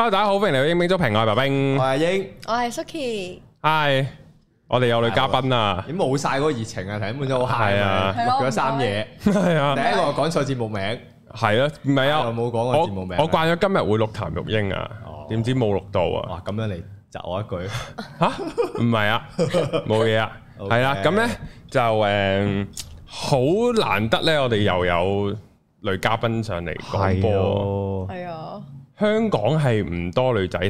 Hello，大家好，歡迎嚟《鷹兵足評》啊！我係白兵，我係鷹，我係 Suki。Hi，我哋有女嘉賓啊！點冇晒嗰個熱情啊？睇滿咗好閒啊，落咗三嘢。係啊，第一個講錯節目名。係咯，唔係啊，冇講過節目名。我慣咗今日會錄譚玉英啊，點知冇錄到啊？哇，咁樣嚟摘我一句吓？唔係啊，冇嘢啊，係啦。咁咧就誒，好難得咧，我哋又有女嘉賓上嚟講波。係啊。香港係唔多女仔，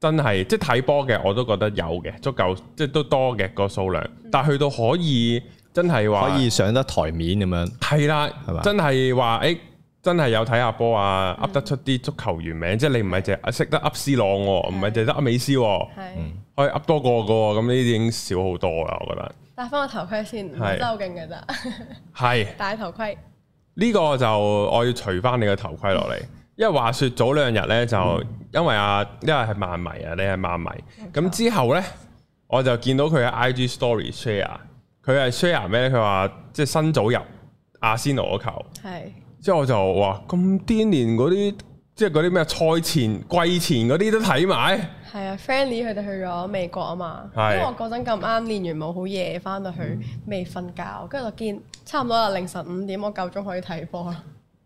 真係即係，睇波嘅，我都覺得有嘅，足夠即係都多嘅個數量。嗯、但係去到可以真係話可以上得台面咁樣，係啦了，係嘛吧，真係話誒，真係有睇下波啊，噏得出啲足球員名，即係你唔係淨係識得噏斯朗喎，唔係淨係得噏美斯喎，係可以噏多個嘅，咁呢啲已經少好多啦，我覺得。戴翻個頭盔先，唔係好勁嘅咋，係 戴頭盔。呢、這個就我要除翻你個頭盔落嚟。 因為話説早兩日咧，就、嗯、因為啊，因為係曼迷啊，你係曼迷。咁醜之後咧，我就見到佢嘅 IG story share，佢係 share 咩咧？佢話即係新組入阿仙奴嗰球。係是。之後我就話：咁癲連嗰啲即係嗰啲咩賽前、季前嗰啲都睇埋。係啊，friendly 佢哋去咗美國啊嘛。係是。因為我嗰陣咁啱練完舞好夜翻到去未瞓、嗯、覺，跟住就見差唔多啦凌晨五點，我夠鐘可以睇波啦。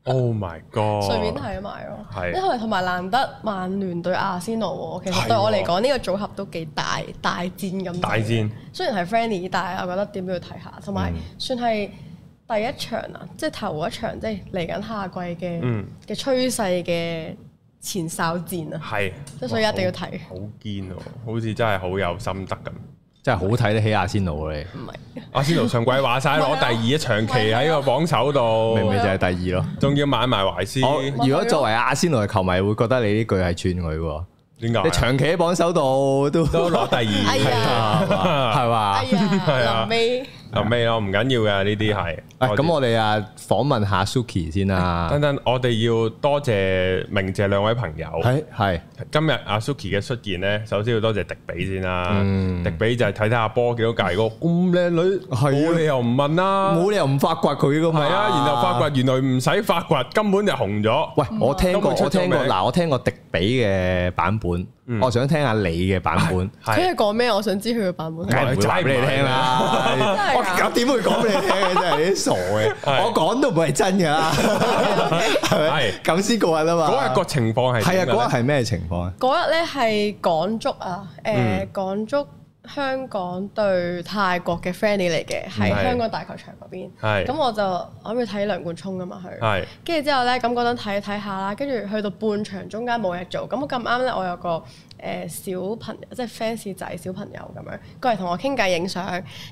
Oh my god！隨便睇埋咯，是因為同埋難得曼聯對亞仙奴，其實對我嚟講呢個組合都幾大大戰咁。大戰，大戰雖然係 friendly，但係我覺得點都要睇下。同埋算係第一場啊，嗯、即係頭一場，即係嚟緊夏季嘅嘅、嗯、趨勢嘅前哨戰啊。係是，所以一定要睇。好堅喎，好似、哦、真係好有心得咁。真係好睇得起阿仙奴你。唔係，阿仙奴上季話晒攞第二，長期喺個榜首度，明明就係第二咯。仲要買埋懷斯。我如果作為阿仙奴嘅球迷，會覺得你呢句係串佢喎。點解？你長期喺榜首度都都攞第二，係嘛？係啊。啊咩咯，唔緊要嘅呢啲係。咁我哋啊訪問下 Suki 先啦。等等，我哋要多謝明謝兩位朋友。係係，今日阿 Suki 嘅出現咧，首先要多謝迪比先啦。迪比就係睇睇下波幾多界嗰個咁靚女，冇理由唔問啦，冇理由唔發掘佢㗎嘛。然後發掘，原來唔使發掘，根本就紅咗。喂，我聽過，我聽過。嗱，我聽過迪比嘅版本，我想聽下你嘅版本。佢係講咩？我想知佢嘅版本。梗係齋俾你聽啦，真係。 我點會講俾你聽嘅？你真係啲傻嘅，的我講都唔係真嘅啦，係咪的？咁先嗰日啊嘛，嗰日個情況係，係啊，嗰日係咩情況啊？嗰日咧係港足啊，誒、呃嗯、港足香港對泰國嘅 friendly 嚟嘅，喺香港大球場嗰邊。係咁的我就我諗住睇梁冠聰啊嘛，佢。係跟住之後咧，咁嗰陣睇睇下啦，跟住去到半場中間冇嘢做，咁咁啱咧，我有個，誒小朋友，即、就、係、是、fans 仔小朋友咁樣，過嚟同我傾偈影相，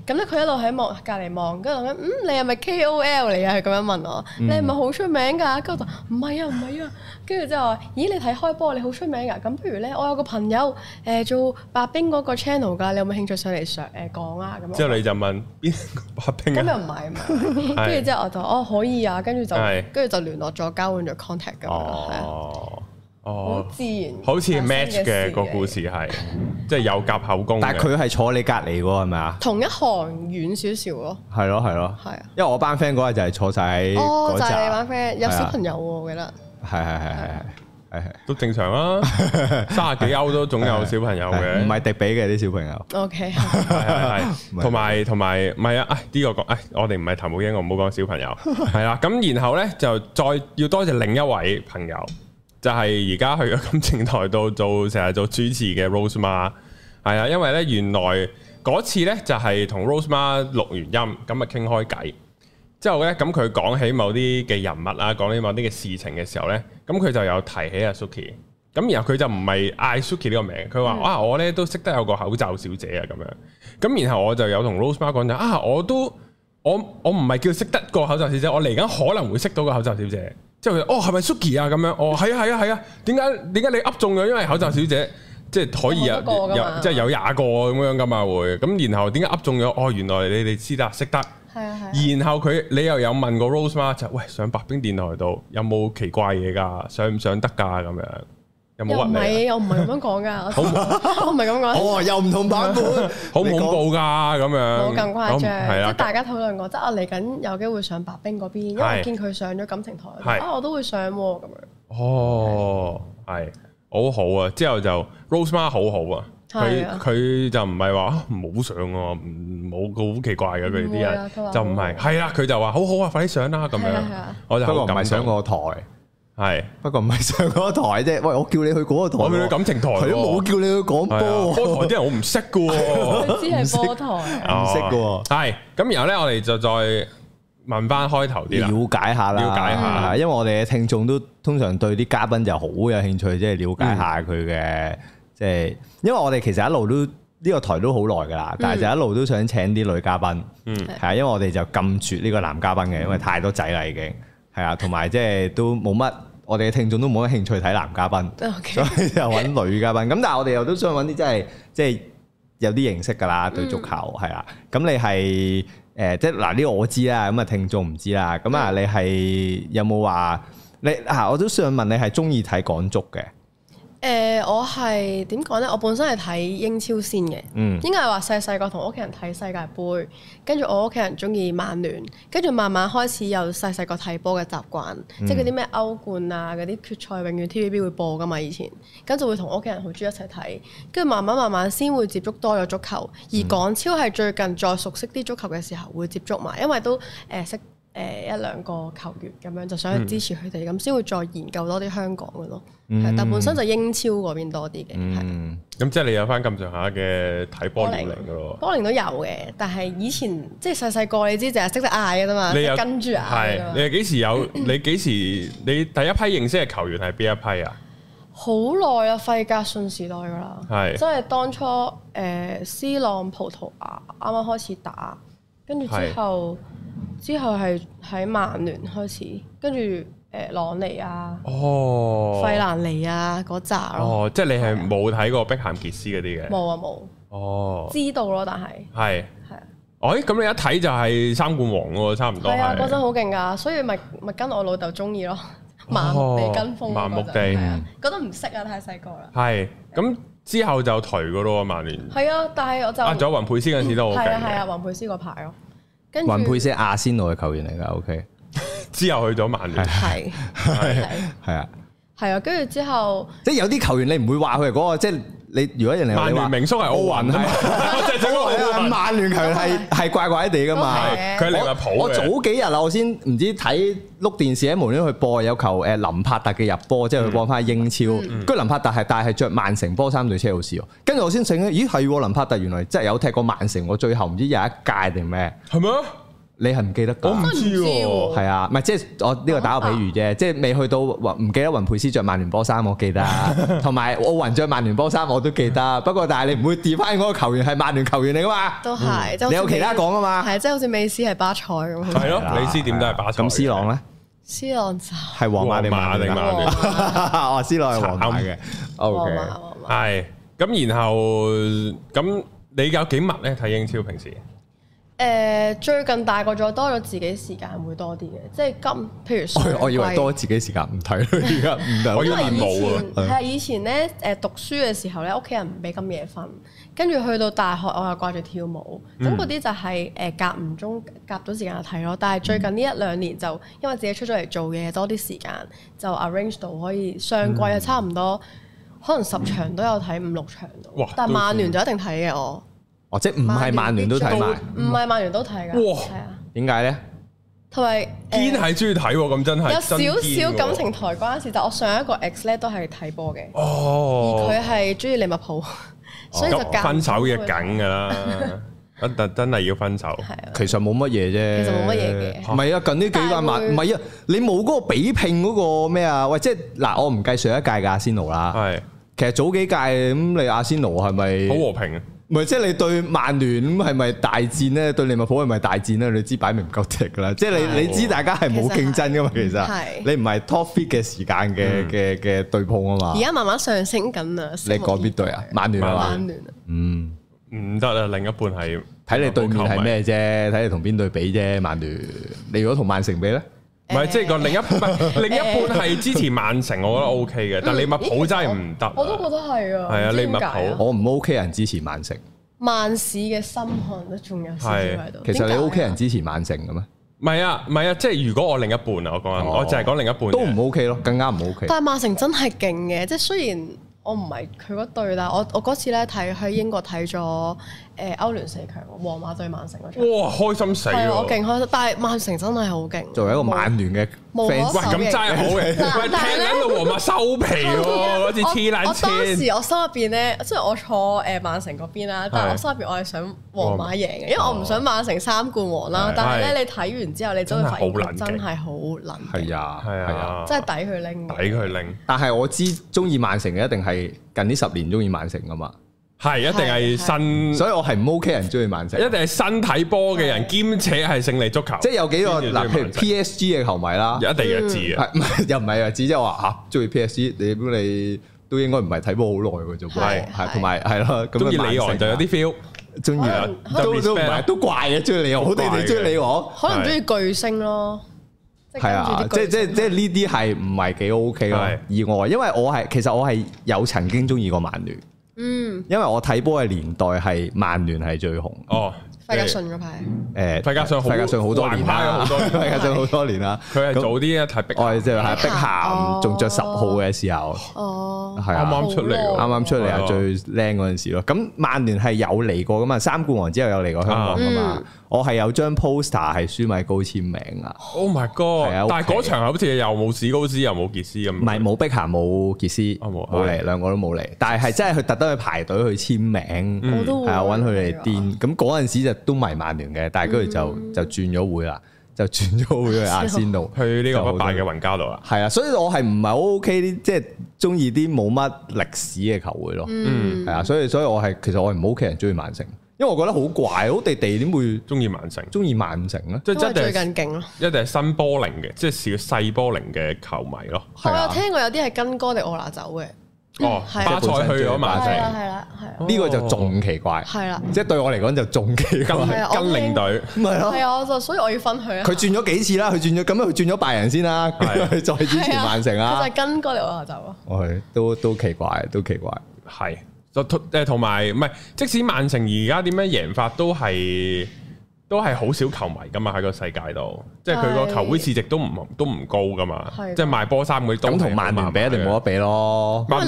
咁咧佢一路喺望隔離望，跟住諗緊，嗯，你係咪 KOL 嚟啊？佢咁樣問我，你係咪好出名㗎？跟住我就，唔係啊，唔係啊，跟住之後話，咦你睇開波你好出名㗎，啊？咁不如咧，我有個朋友誒、呃、做白兵嗰個 channel 㗎，你有冇興趣上嚟上誒講啊？咁之後你就問邊個白兵啊？咁 又唔係，跟住之後我就哦，可以啊，跟住就跟住是 就聯絡咗，交換咗 contact 咁樣是、哦哦，自然好似 match 嘅個故事係，即係有夾口供。但係佢係坐你隔籬喎，係咪啊？同一行遠少少咯。係咯係咯。係。因為我班 friend 嗰日就係坐晒喺嗰扎。哦，就係你班 friend，有小朋友喎，我記得。係係係係係都正常啊！卅幾歐都總有小朋友嘅，唔係迪比嘅啲小朋友。O K。係同埋同埋唔係啊！哎，呢個講，哎，我哋唔係頭，唔英，我，唔好講小朋友。係啦，咁然後咧就再要多謝另一位朋友。就係而家去咗感情台度做，成日做主持嘅 Rose 媽，係啊，因為咧原來嗰次咧就係、是、同 Rose 媽錄完音，咁咪傾開偈。之後咧咁佢講起某啲嘅人物啊，講起某啲嘅事情嘅時候咧，咁佢就有提起阿 Suki。咁然後佢就唔係嗌 Suki 呢個名，佢話、嗯、啊我咧都識得有個口罩小姐啊咁樣。咁然後我就有同 Rose 媽講就啊，我都我我唔係叫識得個口罩小姐，我嚟緊可能會識到個口罩小姐。即係哦，係咪 Suki 啊？咁樣哦，係啊，係啊，係啊。點解點解你噏中咗？因為口罩小姐、嗯、即係可以啊，即係有廿個咁樣噶嘛會。咁然後點解噏中咗？哦，原來你哋知得，識得。係啊係。啊然後佢你又有問過 Rose 嘛？就是、喂，上白冰電台度有冇奇怪嘢噶？上唔上得噶？咁樣。又唔係，我唔係咁樣講噶，我唔係咁講。哦，又唔同版本，好恐怖噶咁樣。我更誇張，即係大家討論過，即係我嚟緊有機會上白兵嗰邊，因為見佢上咗感情台，啊，我都會上喎咁樣。哦，係，好好啊，之後就 Rosemar 好好啊，佢佢就唔係話唔好上，唔冇好奇怪嘅佢哋啲人，就唔係，係啦，佢就話好好啊，快啲上啦咁樣。我不過唔係上個台。係，不過唔係上嗰台啫。喂，我叫你去嗰個台，去感情台，係都冇叫你去廣播台。波台啲人我唔識噶喎，唔識噶喎。係，咁然後咧，我哋就再問翻開頭啲，了解下啦，了解下。因為我哋嘅聽眾都通常對啲嘉賓就好有興趣，即係了解下佢嘅，即係，因為我哋其實一路都呢個台都好耐噶啦，但係就一路都想請啲女嘉賓。嗯，係啊，因為我哋就禁絕呢個男嘉賓嘅，因為太多仔啦，已經係啊，同埋即係都冇乜。我哋嘅聽眾都冇乜興趣睇男嘉賓，所以就揾女嘉賓。咁但係我哋又都想揾啲即係即係有啲認識㗎喇，對足球係啦。咁你係誒，即係嗱，呢個我知啦，咁啊聽眾唔知啦。咁啊你係有冇話你啊？我都想問你係中意睇港足嘅？誒、呃，我係點講咧？我本身係睇英超先嘅，嗯、應該係話細細個同屋企人睇世界盃，跟住我屋企人中意曼聯，跟住慢慢開始有細細個睇波嘅習慣，嗯、即係嗰啲咩歐冠啊嗰啲決賽，永遠 TVB 會播噶嘛以前，咁就會同屋企人好中意一齊睇，跟住慢慢慢慢先會接觸多咗足球，而港超係最近再熟悉啲足球嘅時候會接觸埋，因為都誒、呃、識。誒一兩個球員咁樣就想去支持佢哋，咁先會再研究多啲香港嘅咯。係，但本身就英超嗰邊多啲嘅。嗯，咁即係你有翻咁上下嘅睇波齡㗎咯。波齡都有嘅，但係以前即係細細個你知，淨係識得嗌㗎嘛。你有跟住嗌。係，你幾時有？你幾時？你第一批認識嘅球員係邊一批啊？好耐啦，費格遜時代㗎啦。係，即係當初誒，斯朗葡萄牙啱啱開始打，跟住之後。之後係喺曼聯開始，跟住誒朗尼啊、哦，費蘭尼啊嗰扎咯。哦，即係你係冇睇過碧咸傑斯嗰啲嘅。冇啊冇。哦。知道咯，但係。係。係啊。哎，咁你一睇就係三冠王喎，差唔多。係啊，嗰陣好勁噶，所以咪咪跟我老豆中意咯，盲地跟風嗰盲目地。覺得唔識啊，太細個啦。係。咁之後就頹嗰咯，曼聯。係啊，但係我就。啊，仲有雲佩斯嗰陣時都好勁嘅，雲佩斯個牌咯。跟住雲佩斯係阿仙奴嘅球員嚟噶，O K，之後去咗曼聯，係係係啊，係啊，跟住之後，即係有啲球員你唔會話佢係嗰個，即係。你如果人哋，曼聯名宿係奧運啊嘛，曼聯佢係係怪怪地噶嘛，佢係利物浦，我早幾日啊，我先唔知睇碌電視喺無端去播有球誒林柏特嘅入波，即係佢播翻英超。居、嗯嗯、林柏特係但係着曼城波衫對車路士喎，跟住我先醒啊，咦係林柏特原來真係有踢過曼城，我最後唔知有一屆定咩？係咪？你係唔記得？我唔知喎。係啊，唔係即係我呢個打個比喻啫，即係未去到唔記得雲佩斯着曼聯波衫，我記得。同埋奧雲着曼聯波衫我都記得。不過但係你唔會跌翻嗰個球員係曼聯球員嚟噶嘛？都係。你有其他講噶嘛？係即係好似美斯係巴塞咁。係咯，美斯點都係巴塞。咁 C 朗咧？C 朗就係皇馬定咩？皇馬嘅。哦，C 朗係皇馬嘅。OK。係。咁然後咁你有幾密咧睇英超平時？誒最近大個咗，多咗自己時間會多啲嘅，即係今譬如上季，我以為多自己時間唔睇啦，而家唔係好難冇啊。係啊 以前咧誒讀書嘅時候咧，屋企人唔俾咁夜瞓，跟住去到大學我又掛住跳舞，咁嗰啲就係、是、誒、呃、夾唔中夾到時間就睇咯。但係最近呢一兩年就、嗯、因為自己出咗嚟做嘢，多啲時間就 arrange 到可以上季係差唔多、嗯、可能十場都有睇、嗯、五六場嘩嘩，但係曼聯就一定睇嘅我。或者唔係曼聯都睇埋，唔係曼聯都睇噶，係啊？點解咧？同埋堅係中意睇，咁真係有少少感情台關事。但我上一個 x 咧都係睇波嘅，哦，而佢係中意利物浦，所以就分手嘅緊噶啦，一但真係要分手，係啊，其實冇乜嘢啫，其實冇乜嘢嘅，唔係啊，近呢幾屆萬唔係啊，你冇嗰個比拼嗰個咩啊？喂，即係嗱，我唔計上一屆嘅阿仙奴啦，係，其實早幾屆咁，你阿仙奴係咪好和平啊？唔係，即係你對曼聯咁係咪大戰咧？對利物浦係咪大戰咧？你知擺明唔夠踢噶啦，即係你你知大家係冇競爭噶、嗯、嘛？其實，你唔係 top fit 嘅時間嘅嘅嘅對碰啊嘛。而家慢慢上升緊啊！你講邊隊啊？對曼聯係嘛？曼聯嗯，唔得啦，另一半係睇你對面係咩啫？睇你同邊隊比啫？曼聯，你如果同曼城比咧？唔係，即係個另一，唔、就係、另一半係、欸、支持曼城，我覺得 O K 嘅。欸、但利物浦真係唔得，我都覺得係啊。係啊，利物浦，我唔 O K 人支持曼城。曼市嘅心寒都仲有喺度。係，其實你 O、OK、K 人支持曼城嘅咩？唔係啊，唔係啊，即係如果我另一半啊，我講啊，哦、我就係講另一半都唔 O K 咯，更加唔 O K。但係曼城真係勁嘅，即係雖然我唔係佢嗰隊，但我我嗰次咧睇喺英國睇咗。誒歐聯四強，皇馬對曼城嗰場。哇！開心死。係我勁開心，但係曼城真係好勁。作為一個曼聯嘅，哇！咁真係好嘅。但係聽講到皇馬收皮喎，好似黐撚線。當時我心入邊咧，即係我坐誒曼城嗰邊啦，但係我心入邊我係想皇馬贏嘅，因為我唔想曼城三冠王啦。但係咧，你睇完之後，你真係好撚，真係好撚。係啊，係啊，係啊，真係抵佢拎。抵佢拎。但係我知中意曼城嘅一定係近呢十年中意曼城噶嘛。係一定係新。所以我係唔 OK，人中意曼城。一定係身睇波嘅人，兼且係勝利足球。即係有幾個嗱，譬如 P S G 嘅球迷啦，又一定係字啊，又唔係啊字，即係話啊，中意 P S G，你如果你都應該唔係睇波好耐嘅啫，係係同埋係咯，中意李敖就有啲 feel，中意啊，都都唔係都怪嘅，中意你敖，好哋你中意你敖，可能中意巨星咯，係啊，即係即係即係呢啲係唔係幾 OK 嘅意外，因為我係其實我係有曾經中意過曼聯。嗯，因為我睇波嘅年代係曼聯係最紅。Oh. 費格遜嗰排，誒費格遜，費格遜好多年啦，費格遜好多年啦，佢係早啲啊，係碧，即係係碧咸仲著十號嘅時候，係啱啱出嚟，啱啱出嚟啊，最靚嗰陣時咯。咁曼聯係有嚟過噶嘛？三冠王之後有嚟過香港噶嘛？我係有張 poster 係舒米高簽名啊！Oh my god！但係嗰場好似又冇史高斯，又冇傑斯咁，唔係冇碧咸，冇傑斯，冇嚟，兩個都冇嚟，但係係真係佢特登去排隊去簽名，係啊，揾佢嚟癲。咁嗰陣時就。都迷曼聯嘅，但係跟住就、嗯、就轉咗會啦，就轉咗會去阿仙奴，去呢個大嘅雲加度啦。係啊，所以我係唔係好 OK，啲，即係中意啲冇乜歷史嘅球會咯。嗯，係啊，所以所以我係其實我唔好屋企人中意曼城，因為我覺得好怪，好地地點會中意曼城，中意曼城咯，即係真係最近勁咯，一定係新波齡嘅，即、就、係、是、小細波齡嘅球迷咯。嗯、我有聽過有啲係跟哥迪奧拿走嘅。哦，巴塞去咗曼城，係啦，係啦，呢個就仲奇怪，係啦，即係對我嚟講就仲奇怪，跟跟領隊，係啊，係啊，我就所以我要分享，佢轉咗幾次啦，佢轉咗，咁樣佢轉咗拜仁先啦，佢再轉曼城啊，佢就係跟過嚟我就走啊，係，都都奇怪，都奇怪，係，就同誒同埋，唔係，即使曼城而家點樣贏法都係。都係好少球迷噶嘛喺個世界度，即係佢個球會市值都唔都唔高噶嘛，的即係賣波衫嗰啲咁同曼聯比，一定冇得比咯。曼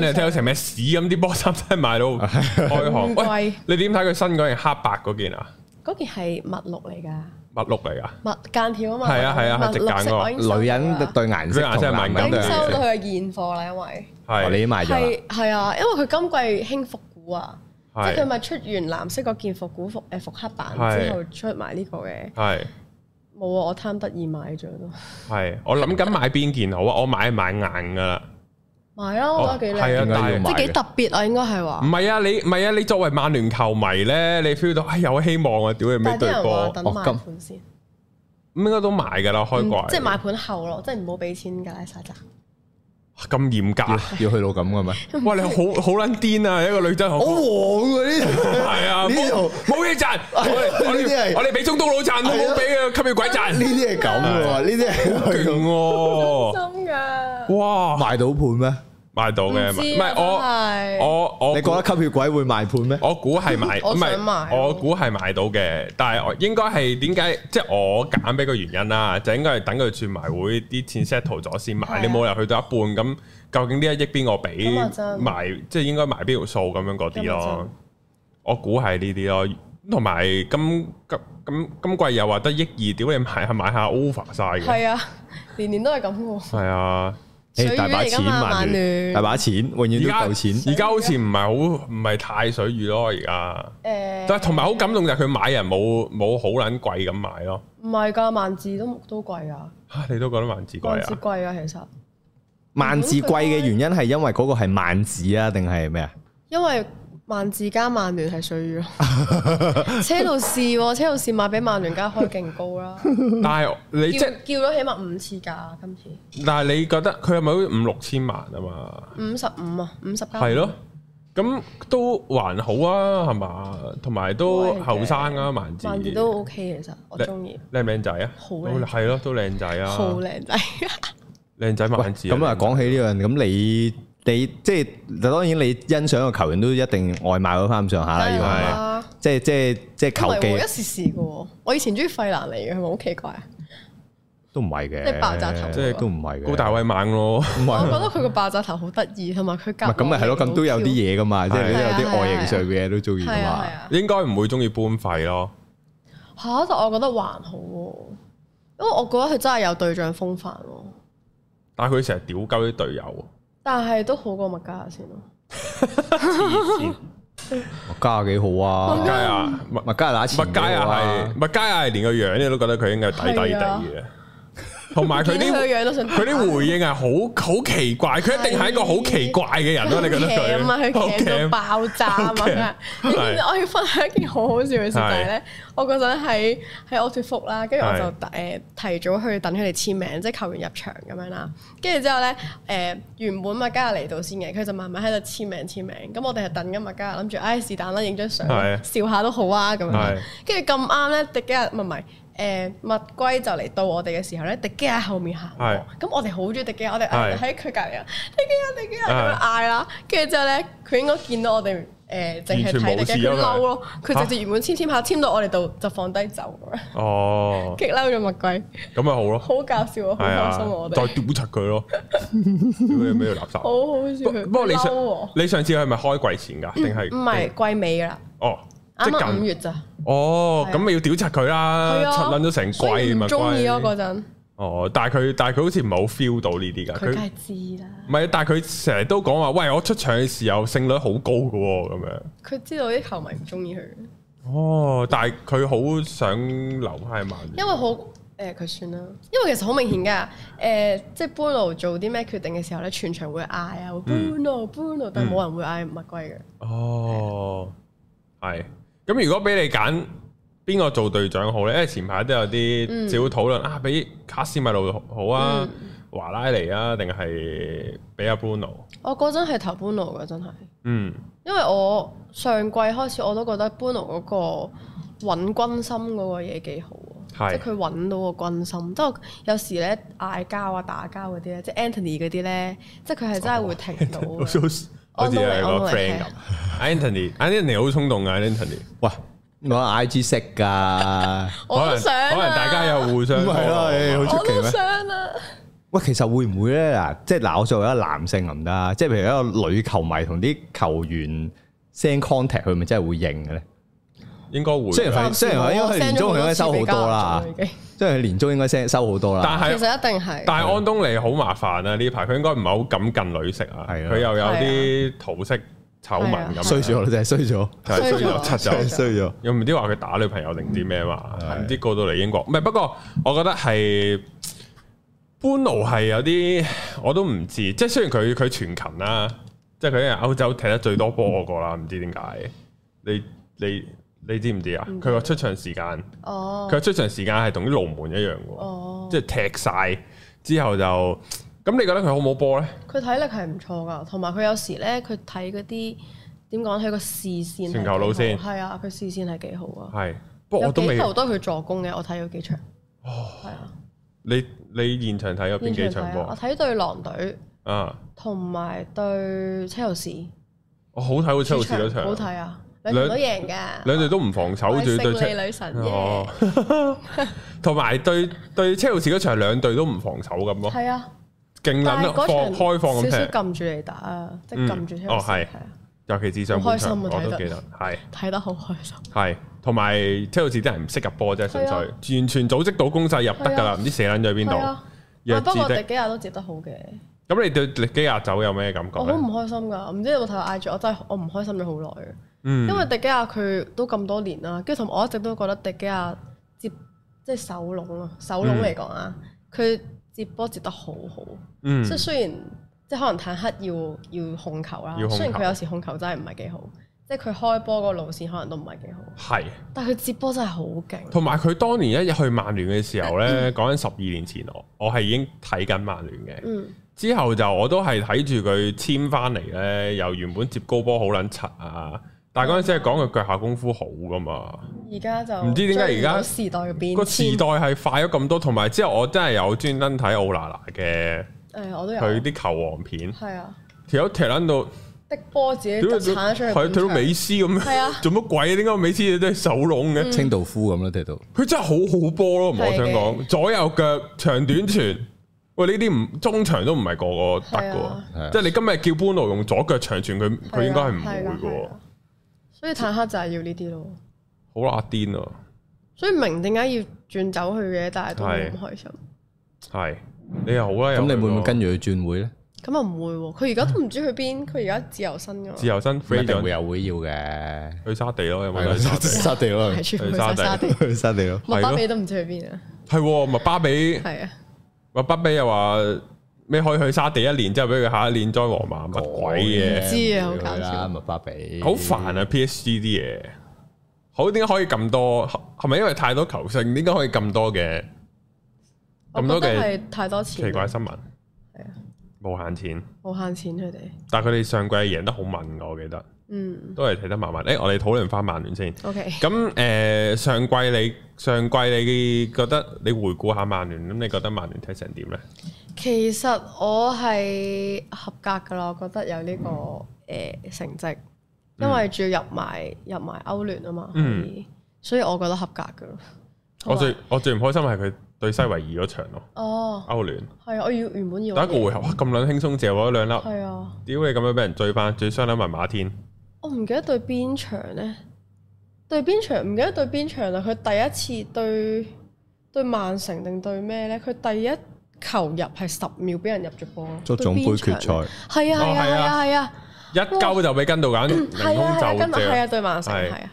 聯，你睇到成咩屎咁，啲波衫真係賣到開行。 貴喂，你點睇佢新嗰件黑白嗰件啊？嗰 件係墨綠嚟㗎，墨綠嚟㗎，墨間條啊嘛。係啊係啊，直間，個女人對顏色同顏色敏感。因為因為收到佢嘅現貨啦的，因為係你賣咗。係啊，因為佢今季興復古啊。即係佢咪出完藍色嗰件複古服、誒複刻版之後出埋呢個嘅，係冇啊！我貪得意買咗咯。係我諗緊買邊件好啊！我買係買硬噶啦， 買啊！我覺得幾靚、哦啊，應該即係幾特別啊！應該係話唔係啊！你唔係啊！你作為曼聯球迷咧，你 feel 到、哎、有希望啊！屌你咩隊波？等買盤先，咁、哦、應該都買噶啦，開掛、嗯，即係買盤後咯，即係唔好俾錢噶，實在。咁嚴格，要去到咁嘅咩？哇！你好好捻癲啊！一個女仔好黃啊！呢啲，係啊，冇冇嘢賺，我哋係，我哋俾中東佬賺，我唔俾佢吸血鬼賺。呢啲係咁嘅，呢啲係咁。中哇，賣到盤咩？買到嘅唔係我，我，我，我你覺得吸血鬼會賣盤買盤咩、嗯？我估，係買唔係，我估係買到嘅，但係應該係點解？即係、就是、我揀俾個原因啦，就應該係等佢轉埋會啲錢 settle 咗先買。是啊、你冇理由去到一半，咁究竟呢一億邊個俾埋？即係、 嗯就是、應該買邊條數咁樣嗰啲咯？是是啊、我估係呢啲咯。同埋今今咁今季又話得億二點你買下買下 over 曬嘅？係啊，年年都係咁嘅。係啊。誒，大把錢萬，大把錢永遠都夠錢。而家好似唔係好，唔係太水魚咯，欸、而家。誒，但係同埋好感動就係佢買人冇冇好撚貴咁買咯。唔係噶，萬字都都貴噶。吓、啊，你都覺得萬字貴啊？萬字貴啊，其實。萬字貴嘅原因係因為嗰個係萬字啊，定係咩啊？因為。萬字加曼聯係水魚咯，車路士喎。啊，車路士賣俾曼聯，家開勁高啦。但係你即叫咗起碼五次價，今次。但係你覺得佢係咪好五六千萬啊嘛？五十五啊，五十加。係咯，咁都還好啊，係嘛？同埋都後生的啊，萬字。萬字都 OK，其實我中意。靚唔靚仔啊？好靚仔。係咯，都靚仔啊，好靚仔。靚 仔萬字，咁啊，講喂 起呢個人，咁你？你即係，當然你欣賞個球員都一定外貌咗翻咁上下啦，係吧即係即係即係球技。一時時嘅，我以前中意費蘭尼嘅，係咪好奇怪啊？都唔係嘅，即係爆炸頭，即係都唔係嘅，高大威猛咯。 我覺得佢個爆炸頭好得意，同埋佢夾咁係咯，咁都有啲嘢噶嘛，即係都有啲外形上嘅嘢都中意嘛。啊啊啊、應該唔會中意搬費咯。吓，但我覺得還好，因為我覺得佢真係有隊長風範咯。但係佢成日屌鳩啲隊友。但係都好過麥嘉亞先咯， 麥嘉亞幾好啊！麥嘉亞，麥麥嘉亞拿錢，麥嘉亞係，麥嘉亞係連個樣你都覺得佢應該係抵抵哋嘅。同埋佢啲佢啲回應係好好奇怪，佢對一定係一個好奇怪嘅人咯。你覺得佢？到爆炸啊！我要分享一件好好笑嘅事，但係咧，我嗰陣喺喺奧脫福啦，跟住我就誒提早去等佢哋簽名，即、就、係、是、球員入場咁樣啦。跟住之後咧，誒、呃、原本麥佳亞嚟到先嘅，佢就慢慢喺度簽名簽名。咁我哋係等嘅嘛，佳亞諗住，唉、哎，是但的啦，影張相笑下都好啊咁樣。跟住咁啱咧，第幾日唔係唔係？誒，麥龜就嚟到我哋嘅時候咧，迪基喺後面行，咁我哋好中意迪基，我哋喺佢隔離啊，迪基啊，迪基啊咁樣嗌啦。跟住之後咧，佢應該見到我哋誒，淨係睇迪基，佢嬲咯。佢直接原本簽簽下，簽到我哋度就放低走。哦，激嬲咗麥龜。咁咪好咯，好搞笑啊！好開心啊！我哋再屌柒佢咯，屌佢咩垃圾！好好笑。不過你上你上次係咪開季前㗎？定係唔係季尾㗎啦？哦。即係五月咋？哦，咁咪要屌查佢啦，出捻咗成季咪中意咯嗰陣。哦，但係佢但係佢好似唔係好 feel 到呢啲噶。佢梗係知啦。唔係，但係佢成日都講話喂，我出場嘅時候勝率好高噶，咁樣。佢知道啲球迷唔中意佢。哦，但係佢好想留喺曼聯。因為好誒，佢算啦。因為其實好明顯噶，誒，即係波奴做啲咩決定嘅時候咧，全場會嗌啊，波奴波奴，但係冇人會嗌唔麥圭嘅。哦，係。咁如果俾你揀邊個做隊長好咧？因為前排都有啲少討論、嗯、啊，俾卡斯米露好啊，嗯、華拉尼啊，定係俾阿 b 布魯？我嗰陣係投布魯噶，真係。嗯，因為我上季開始我都覺得布魯嗰個穩軍心嗰個嘢幾好，即係佢穩到個軍心。即係有時咧嗌交啊、打交嗰啲咧，即係 Anthony 嗰啲咧，即係佢係真係會停到。哦 好似係個 friend 咁 ，Anthony，Anthony 好衝動 Anthony. 啊，Anthony，喂，我 I G 識噶，可能可能大家有互相，唔係咯，好出、 啊欸、奇咩？啊、喂，其實會唔會咧嗱？即、就、嗱、是，我作為一個男性唔得啊，即、就、譬、是、如一個女球迷同啲球員 send contact，佢咪真係會認嘅咧？應該會，雖然係，雖然話，應該年中佢應該收好多啦。即係年中應該收好多啦。但係其實一定係，但係安東尼好麻煩啊。呢排佢應該唔係好敢近女色啊。佢又有啲桃色醜聞咁，衰咗啦，真係衰咗，就衰咗，又唔知話佢打女朋友定啲咩嘛？唔知過到嚟英國，唔係不過我覺得係班奴係有啲我都唔知。即係雖然佢佢全勤啦，即係佢喺歐洲踢得最多波嗰個啦，唔知點解你你。你知唔知啊？佢個出場時間，佢個出場時間係同啲龍門一樣嘅，即係踢晒，之後就咁。你覺得佢好唔好波咧？佢體力係唔錯㗎，同埋佢有時咧，佢睇嗰啲點講，睇個視線，傳球路線，係啊，佢視線係幾好啊。係，不過我都未有幾球都係佢助攻嘅，我睇咗幾場，係啊。你你現場睇咗邊幾場波？我睇對狼隊啊，同埋對車路士。我好睇過車路士嗰場好睇啊！兩隊都贏噶，兩隊都唔防守住對車。勝利女神嘅，同埋對對車路士嗰場，兩隊都唔防守咁咯。係啊，勁捻得放開放咁少少撳住你打啊，即係撳住車路士。哦，係，係啊，尤其是上，開心啊，我都記得，係睇得好開心。係，同埋車路士真係唔識入波啫，純粹完全組織到攻勢入得得啦，唔知射捻咗去邊度。不過迪基亞都接得好嘅。咁你對迪基亞走有咩感覺？我好唔開心噶，唔知有冇睇我 I G？我真係我唔開心咗好耐。嗯、因為迪基亞佢都咁多年啦，跟住同埋我一直都覺得迪基亞接即係守籠啊，守籠嚟講啊，佢、嗯、接波接得好好。嗯，即係雖然即係可能坦克要要控球啦，球雖然佢有時控球真係唔係幾好，即係佢開波個路線可能都唔係幾好。係是，但係佢接波真係好勁。同埋佢當年一入去曼聯嘅時候呢，講緊十二年前我我係已經睇緊曼聯嘅。嗯、之後就我都係睇住佢簽翻嚟呢，由原本接高波好撚柒啊～但嗰陣時係講佢腳下功夫好噶嘛？而家就唔知點解，而家時代變，個時代係快咗咁多。同埋之後我真係有專登睇奧娜娜嘅，誒我都有佢啲球王片，係啊，踢有踢撚到，的波自己鏟出嚟，睇到美斯咁樣，做乜鬼啊？點解美斯真係手攏嘅？清道夫咁啦踢到，佢真係好好波咯。唔係，我想講左右腳長短傳，喂呢啲唔中場都唔係個個得嘅，即係你今日叫般奴用左腳長傳，佢佢應該係唔會嘅。所以坦克就係要呢啲咯，好啦阿癲啊！所以唔明點解要轉走去嘅，但係都唔開心。係你又好啦，啊，咁，嗯、你會唔會跟住，啊、去轉會咧？咁啊唔會，佢而家都唔知去邊，佢而家自由身噶。自由身一定會有會要嘅，去沙地咯，有冇？沙地咯，係全部沙地。 去沙地咯，麥 巴比都唔知去邊啊！係麥 巴比，係啊的，麥巴比又話。你可以去沙地一年，之後俾佢下一年再皇馬乜鬼嘢，知啊，好搞笑，麥巴比。好煩啊！P S G 啲嘢，好點解可以咁多？係咪因為太多球星？點解可以咁多嘅？咁多嘅，太多錢，奇怪新聞。係啊，無限錢，無限錢佢哋。但係佢哋上季係贏得好猛，我記得。嗯，都係睇得麻麻。誒，我哋討論翻曼聯先。O K。咁誒，上季你上季你覺得你回顧下曼聯，咁你覺得曼聯踢成點咧？其實我係合格噶咯，我覺得有呢個誒成績，因為仲要入埋入埋歐聯啊嘛。嗯。所以我覺得合格噶。我最我最唔開心係佢對西維爾嗰場咯。哦。歐聯。係啊，我要原本要。第一個回合哇，咁撚輕鬆就攞咗兩粒。係啊。屌，你咁樣俾人追翻，仲要傷到埋馬天。我唔記得對邊場咧，對邊場唔記得對邊場啦。佢第一次對對曼城定對咩咧？佢第一球入係十秒俾人入咗波，足總杯決賽。係啊係啊係啊係啊！一勾就俾根度緊，凌空係啊係對曼城係啊。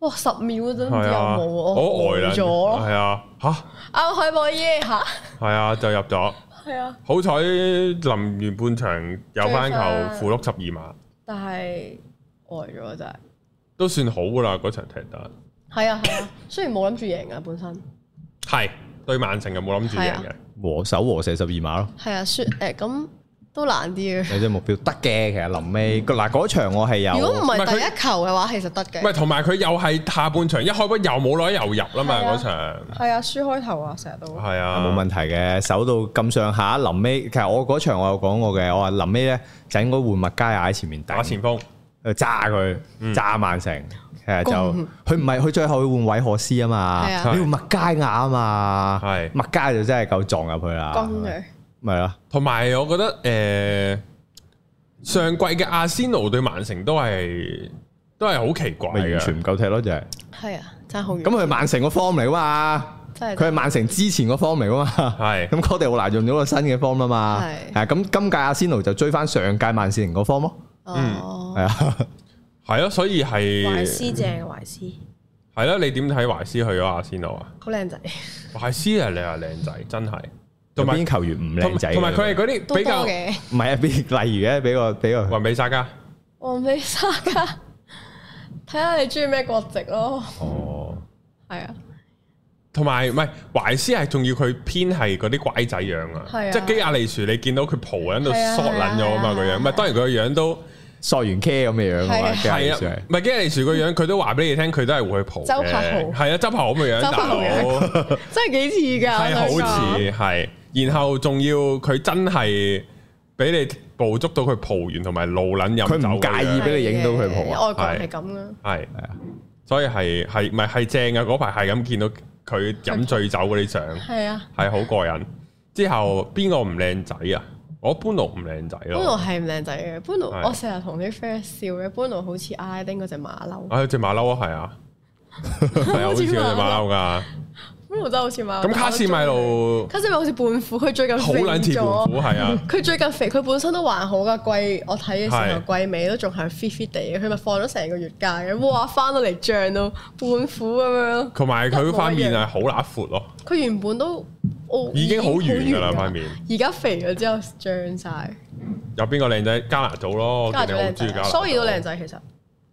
哇！十秒都又冇，我呆咗。係啊吓，阿海博士吓，係啊，就入咗。係啊，好彩臨完半場有翻球，負碌十二碼。但係。愛咗真係都算好噶啦。嗰場踢得係啊係啊，雖然冇諗住贏啊，本身係 對曼城又冇諗住贏嘅、啊，和守和十二碼咯。係啊，輸誒咁、欸、都難啲嘅。有隻目標得嘅，其實臨尾嗱嗰場我係有。如果唔係第一球嘅話，其實得嘅。唔係同埋佢又係下半場一開波又冇攞又入啦嘛。嗰、啊、場係啊，啊，輸開頭啊，成日都係啊，冇問題嘅，守到咁上下。臨尾其實我嗰場我有講過嘅，我話臨尾咧就應該換麥嘉喺前面打前鋒。誒，炸佢，炸曼城，其實就佢唔係佢最後會換韋可斯啊嘛，你換麥加亞啊嘛，麥加就真係夠撞入去啦，攻佢，咪咯。同埋我覺得誒，上季嘅阿仙奴對曼城都係都係好奇怪，完全唔夠踢咯，就係。係啊，差好遠。咁佢曼城個 form 嚟嘛，佢係曼城之前個 form 嚟噶嘛，係。咁佢哋好難用咗個新嘅 form 啦嘛，係。咁今屆阿仙奴就追翻上屆曼城個 form 咯。嗯，係啊，係咯，所以係懷斯正懷斯，係咯，你點睇懷斯去咗阿仙奴啊？好靚仔，懷斯啊，你話靚仔，真係同埋球員唔靚仔，同埋佢係嗰啲比較，唔係啊？比如咧，俾個俾個黃美莎加，黃美莎加，睇下你中意咩國籍咯。哦，係啊，同埋唔係懷斯係，仲要佢偏係嗰啲乖仔樣啊，即係基亞利殊，你見到佢蒲喺度索捻咗啊嘛個樣，唔係當然佢個樣都。索完 K 咁嘅樣，係啊，係啊，唔係基尼樹個樣，佢都話俾你聽，佢都係會去蒲。周柏豪係啊，周柏豪咁嘅樣，大佬，真係幾似噶，係好似係，然後仲要佢真係俾你捕捉到佢蒲完同埋露卵入，佢唔介意俾你影到佢蒲。外國係咁噶，係係，所以係係唔係係正啊？嗰排係咁見到佢飲醉酒嗰啲相，係啊，係好過癮。之後邊個唔靚仔啊？我般奴唔靚仔咯，般奴係唔靚仔嘅。般奴，我成日同啲 friend 笑嘅。般奴好似阿拉丁嗰隻馬騮。哎，隻馬騮啊，係啊，係好似隻馬騮噶。般奴真係好似馬騮。咁卡斯米路，卡斯米好似胖虎，佢最近好撚似胖虎，係啊。佢最近肥，佢本身都還好噶。季我睇嘅時候，季尾都仲係 fit fit 地嘅。佢咪放咗成個月假嘅，哇！翻到嚟漲到胖虎咁樣咯。同埋佢塊面係好乸闊咯。佢原本都。已經好圓噶啦塊面，而家肥咗之後脹晒。有邊個靚仔？加拿祖咯，我中意加拿，加拿所以都靚仔，其實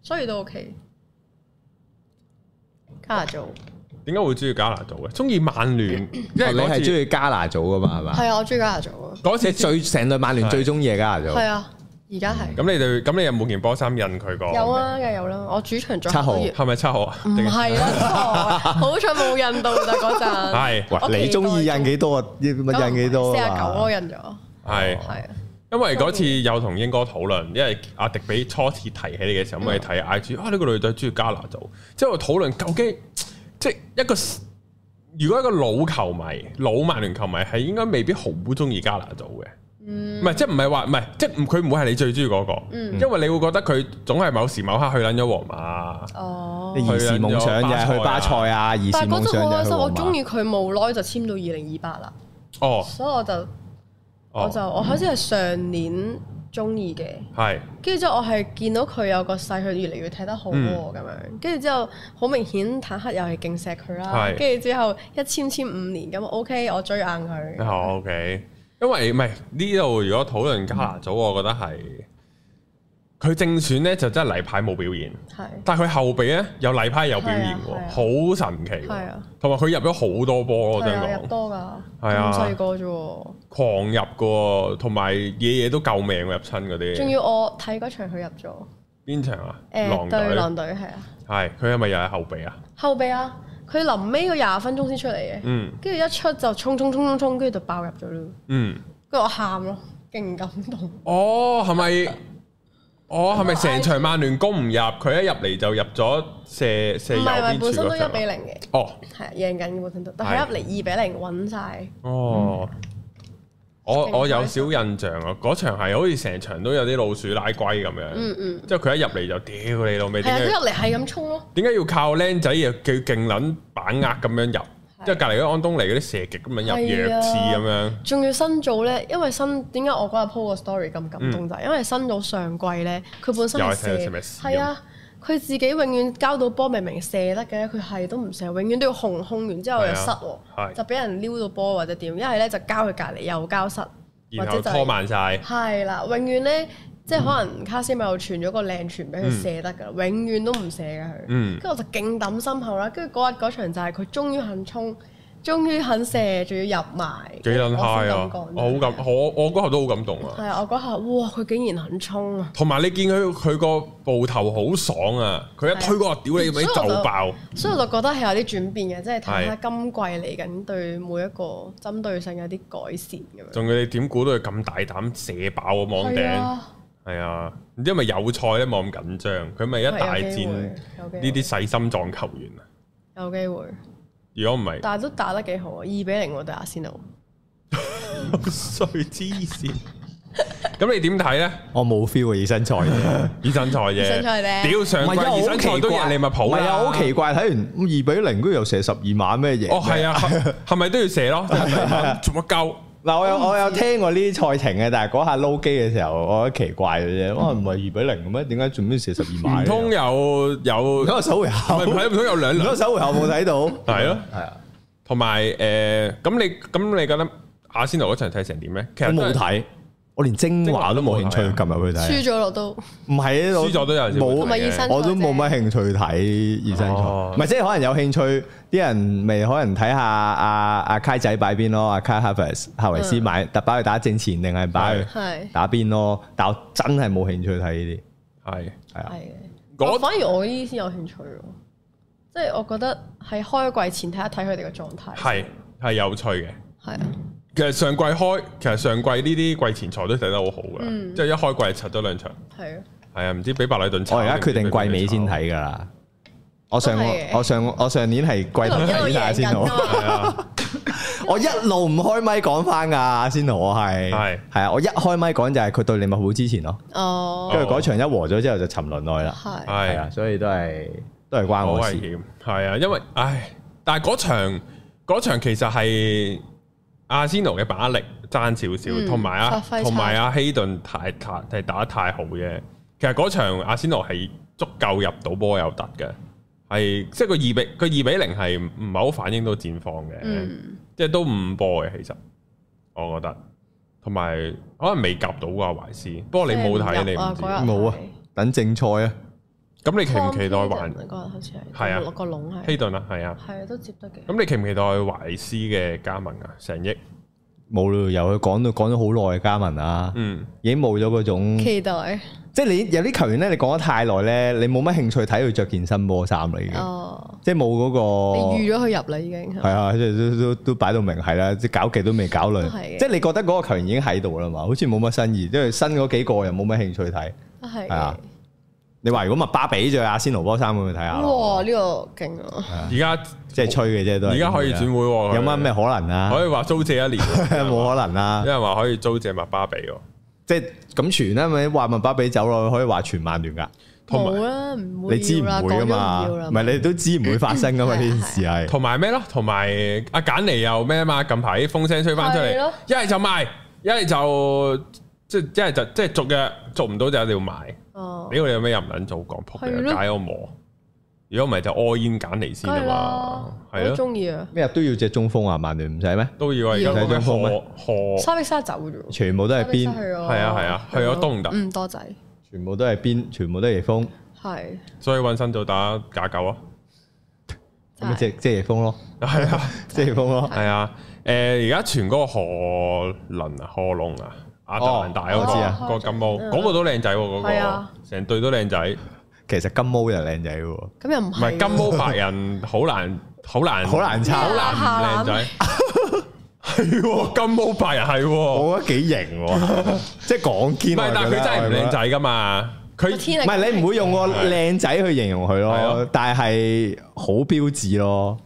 所以都 OK。加拿祖，點解會中意加拿祖嘅？中意曼聯、 哦，你係中意加拿祖噶嘛？係嘛？係啊，我中意加拿祖啊。嗰 次最成隊曼聯最中意嘅加拿祖，係 啊。而家係，咁、嗯、你對，咁你有冇件波衫印佢個？有啊，梗係有啦，我主場著。七號係咪七號啊？唔係啦，好彩冇印到咋嗰陣。係，喂，你中意印幾多印、嗯、啊？印幾多四啊九，我印咗。係係啊，因為嗰次有同英哥討論，因為阿迪比初次提起你嘅時候，我哋睇 I G 啊，呢、這個女仔中意加拿祖，之後討論究竟，即係一個如果一個老球迷、老曼聯球迷係應該未必好中意加拿祖嘅。唔係，即係唔係話唔係，即係佢唔會係你最中意嗰個，因為你會覺得佢總係某時某刻去捻咗皇馬，哦，去捻咗巴去巴塞啊，兒時夢想但係覺得好開心，我中意佢冇耐就簽到二零二八啦，哦，所以我就我就我好似係上年中意嘅，係，跟住之後我係見到佢有個細，佢越嚟越睇得好喎，咁樣，跟住之後好明顯坦克又係勁錫佢啦，跟住之後一簽簽五年咁，OK，我追硬佢，好 OK。因為唔係呢度，如果討論加拿組，我覺得係佢正選咧就真係例牌冇表現，係，但係佢後備咧有例牌有表現喎，好神奇，係啊，同埋佢入咗好多波咯，真係入多噶，係啊，細個啫，狂入噶，同埋夜夜都救命入親嗰啲，仲要我睇嗰場佢入咗邊場啊？誒，狼隊，狼隊係啊，係佢係咪又係後備啊？後備啊！佢臨尾個廿分鐘先出嚟嘅，跟住、嗯、一出就衝衝衝衝衝，跟住就爆入咗咯。嗯，跟住我喊咯，勁感動。哦，係咪？哦，係咪成場曼聯攻唔入，佢一入嚟就入咗？射射唔係，本身都一比零嘅。哦，係贏緊嘅本身都，但係一入嚟二比零穩晒！哦。嗯我我有少印象啊，嗰場係好似成場都有啲老鼠拉龜咁樣，嗯嗯、即係佢一入嚟就屌你老味。係佢入嚟係咁衝咯、啊。點解要靠僆仔又佢勁撚把握咁樣入？啊、即係隔離嗰安東尼嗰啲射擊咁樣入弱智咁樣。仲要新組咧，因為新點解我嗰日 po 個 story 咁感動就係、嗯、因為新組上季咧，佢本身係射啊。佢自己永遠交到波，明明射得嘅，佢係都唔射，永遠都要控控完之後又失喎，啊、就俾人撩到波或者點，一係咧就交佢隔離又交失，或者就拖慢晒。係啦，永遠呢，嗯、即係可能卡斯米又傳咗個靚傳俾佢射得噶，嗯、永遠都唔射嘅佢。跟住、嗯、我就勁抌心口啦。跟住嗰日嗰場就係佢終於肯衝。終於肯射，仲要入埋，幾撚嗨啊！我好感，我我嗰下都好感動啊！係啊，我嗰下哇，佢竟然肯衝啊！同埋你見佢佢個步頭好爽啊！佢一推嗰個屌你要唔要爆？所以我就覺得係有啲轉變嘅，即係睇下今季嚟緊對每一個針對性有啲改善咁樣。仲要你點估到佢咁大膽射爆個網頂？係啊，唔知係咪有賽咧冇咁緊張，佢咪一大戰呢啲細心臟球員啊？有機會。如果唔係，但係都打得幾好啊！二比零我對阿仙奴，衰黐線。咁你點睇咧？我冇 feel 啊！熱身賽，熱身賽啫。熱身賽咧，屌上季熱身賽都贏利物浦咯。啊，我好奇怪！睇完二比零，居然又射十二碼咩嘢？哦係啊，係咪都要射咯？仲乜鳩？嗱，我有我有聽過呢啲賽程嘅，但係嗰下撈機嘅時候，我覺得奇怪嘅啫，哇唔係二比零嘅咩？點解最屘射十二碼？唔通有有個首回合？唔唔通有兩個首回合冇睇到？係咯，係啊。同埋誒，咁、啊呃、你咁你覺得阿仙奴嗰場睇成點咧？我冇睇。我連精華都冇興趣撳入去睇，輸咗落都。唔係啊，輸咗都有冇，我都冇乜興趣睇二三賽，唔係即係可能有興趣啲人咪可能睇下阿阿凱仔擺邊咯，阿凱哈維斯，斯買，特擺去打正前定係擺打邊咯。但我真係冇興趣睇呢啲，係係啊。我反而我呢啲先有興趣，即係我覺得喺開季前睇一睇佢哋嘅狀態，係係有趣嘅，係啊。其實上季開，其實上季呢啲季前賽都睇得好好嘅，即係一開季係出咗兩場，係啊，係啊，唔知比白禮頓我而家決定季尾先睇噶啦。我上我上我上年係季尾睇下先好。我一路唔開咪講翻噶，先我係係係啊，我一開咪講就係佢對利物浦之前咯。哦，跟住嗰場一和咗之後就沉淪耐啦。係係啊，所以都係都係關我事。係啊，因為唉，但係嗰場嗰場其實係。阿仙奴嘅把握力爭少少，同埋阿同埋阿希頓太太係打得太好嘅。其實嗰場阿仙奴係足夠入到波有突嘅，係即係個二比個二比零係唔係好反應到戰況嘅，即係、嗯、都唔波嘅。其實我覺得，同埋可能未夾到阿懷斯。不過你冇睇你唔知，冇啊，等正賽啊。咁你期唔期待懷？係啊，落個籠係。希頓啊，係啊。係啊，都接得嘅。咁你期唔期待懷斯嘅加盟啊？成億冇啦，由佢講到講咗好耐嘅加盟啊，嗯，已經冇咗嗰種期待。即係你有啲球員咧，你講得太耐咧，你冇乜興趣睇佢着件新波衫啦，已經。哦。即係冇嗰個。你預咗佢入啦，已經係啊，即係都都都擺到明係啦，即搞極都未搞輪，即係你覺得嗰個球員已經喺度啦嘛？好似冇乜新意，因為新嗰幾個又冇乜興趣睇，係啊。你話如果麥巴比再阿仙奴波衫會唔會睇下？哇！呢個勁啊！而家即係吹嘅，啫。都而家可以轉會，有乜咩可能啊？可以話租借一年，冇可能啦！有人話可以租借麥巴比，即係咁傳啦，咪話麥巴比走咯，可以話傳曼聯噶？冇啦，你知唔會噶嘛？唔係你都知唔會發生噶嘛？呢件事係同埋咩咯？同埋阿簡尼又咩啊嘛？近排啲風聲吹翻出嚟，一係就賣，一係就即係即係就即係續約做唔到就一定要賣。哦，你嗰日有咩又唔捻做講扑嘅解歐魔，如果唔係就 all in 揀嚟先啊嘛，係咯，中意啊，咩嘢都要隻中鋒啊，曼聯唔使咩都要啊。而家嗰個何何沙碧沙走咗，全部都係邊係啊係啊，去咗東特，唔多仔，全部都係邊，全部都係翼風，係，所以穩身就打假九啊，即即係翼風咯，係啊，即係翼風咯，係啊，誒，而家全嗰河何倫何龍啊。阿澤文大我知啊，個金毛嗰個都靚仔，嗰個成對都靚仔。其實金毛又靚仔喎，咁又唔係金毛白人好難好難好難差好難唔靚仔，係金毛白人係，我覺得幾型，即係講堅。係，但係佢真係唔靚仔噶嘛，佢唔係你唔會用個靚仔去形容佢咯，但係好標誌咯。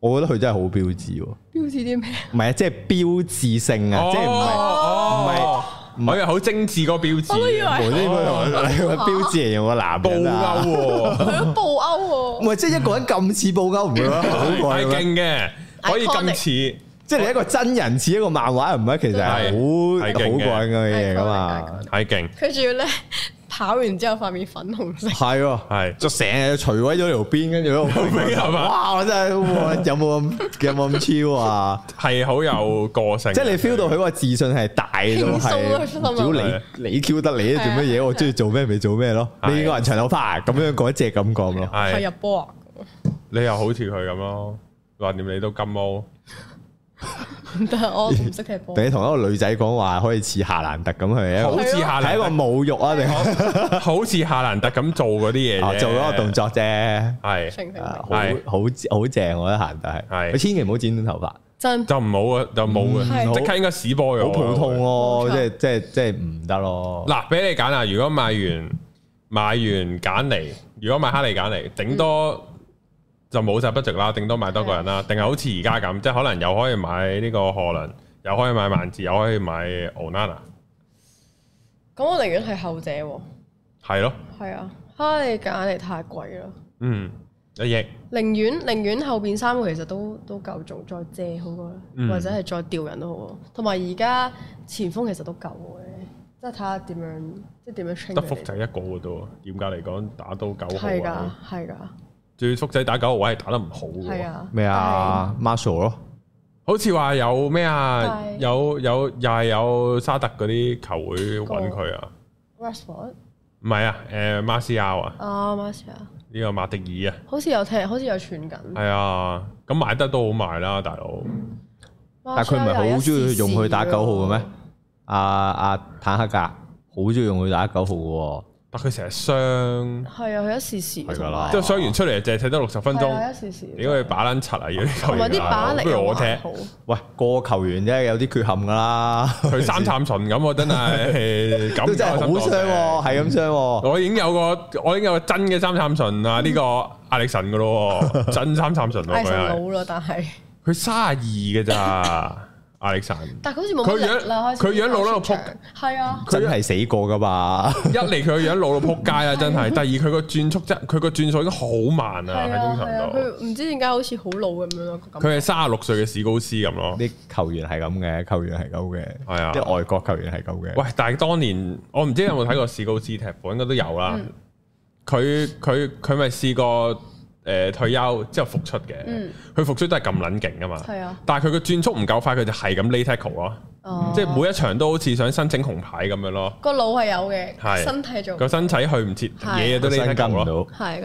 我覺得佢真係好標誌，標誌啲咩？唔係啊，即係標誌性啊，即係唔係唔係，佢係好精致個標誌。我以為呢個係標誌嚟，用個男布歐，布歐，唔係即係一個人咁似布歐唔咯？好鬼勁嘅，可以咁似，即係你一個真人似一個漫畫，唔係其實係好好鬼嘅嘢噶嘛？太勁！佢仲要咧。跑完之後塊面粉紅色，係係就成日除歪咗條邊，跟住喺度，哇！我真係有冇咁有冇咁超啊？係好有個性，即係你 feel 到佢個自信係大都係，如果你你 Q 得你，做乜嘢，我中意做咩咪做咩咯。你個人長頭髮咁樣嗰隻感覺咯，係入波啊！你又好似佢咁咯，橫掂你都金毛。但係我唔識踢波，你同一個女仔講話可以似夏蘭特咁去，好似夏，係一個侮辱啊？定好似夏蘭特咁做嗰啲嘢，做嗰個動作啫，係啊，好好正，我覺得夏就係，佢千祈唔好剪短頭髮，真就唔好，就冇即刻應該屎波咗，好普通咯，即係即係即係唔得咯。嗱，俾你揀啊，如果買完買完簡尼，如果買哈利簡尼，頂多。就冇晒 budget 啦，頂多買多個人啦，定係的好似而家咁，即係可能又可以買呢個何倫，又可以買萬字，又可以買奧納拿。咁我寧願係後者喎、哦。係咯。係啊，唉、哎，揀嚟太貴啦。嗯，一億。寧願寧願後邊三個其實都都夠做，再借好過、嗯、或者係再調人都好啊。同埋而家前鋒其實都夠嘅，即係睇下點樣，即係點樣。得福就一個喎都，嚴格嚟講打到九號噶，係噶。仲要仔打九號位係打得唔好嘅，啊，咩啊？馬修咯、啊，好似話有咩啊？有有又係有沙特嗰啲球會搵佢啊？Rashford 唔係啊？誒，馬斯亞啊？啊，馬斯亞呢個馬迪爾啊？好似有聽，好似有傳緊。係啊，咁買得都好賣啦、啊，大佬、嗯。但係佢唔係好中意用佢打九號嘅咩？阿阿、啊啊、坦克格好中意用佢打九號嘅、啊。但佢成日傷，係啊，佢一時時，即係傷完出嚟就係睇得六十分鐘，一時時。因為把撚柒啊，同埋啲把力我踢。喂，個球員真係，有啲缺陷噶啦，佢三杉淳咁，真係咁。都真係好傷，係咁傷。我已經有個，我已經有個真嘅三杉淳啊！呢個阿力神噶咯，真三杉淳。阿力神老咯，但係佢卅二嘅咋？阿力神，但係佢好似冇力啦，佢樣老啦，扑係啊，真係死過噶吧！一嚟佢樣老到扑街啦，真係，第二佢個轉速真，佢個轉速已經好慢啦，喺中場度。佢唔知點解好似好老咁樣咯。佢係三十六歲嘅史高斯咁咯。啲球員係咁嘅，球員係咁嘅，係啊，啲外國球員係咁嘅。喂，但係當年我唔知有冇睇過史高斯踢波，應該都有啦。佢佢佢咪試過。誒，退休之後復出嘅，佢復出都係咁捻勁噶嘛。係啊，但係佢個轉速唔夠快，佢就係咁 late 咯。即係每一場都好似想申請紅牌咁樣咯。個腦係有嘅，係身體個身體去唔切，嘢嘢都拎得到。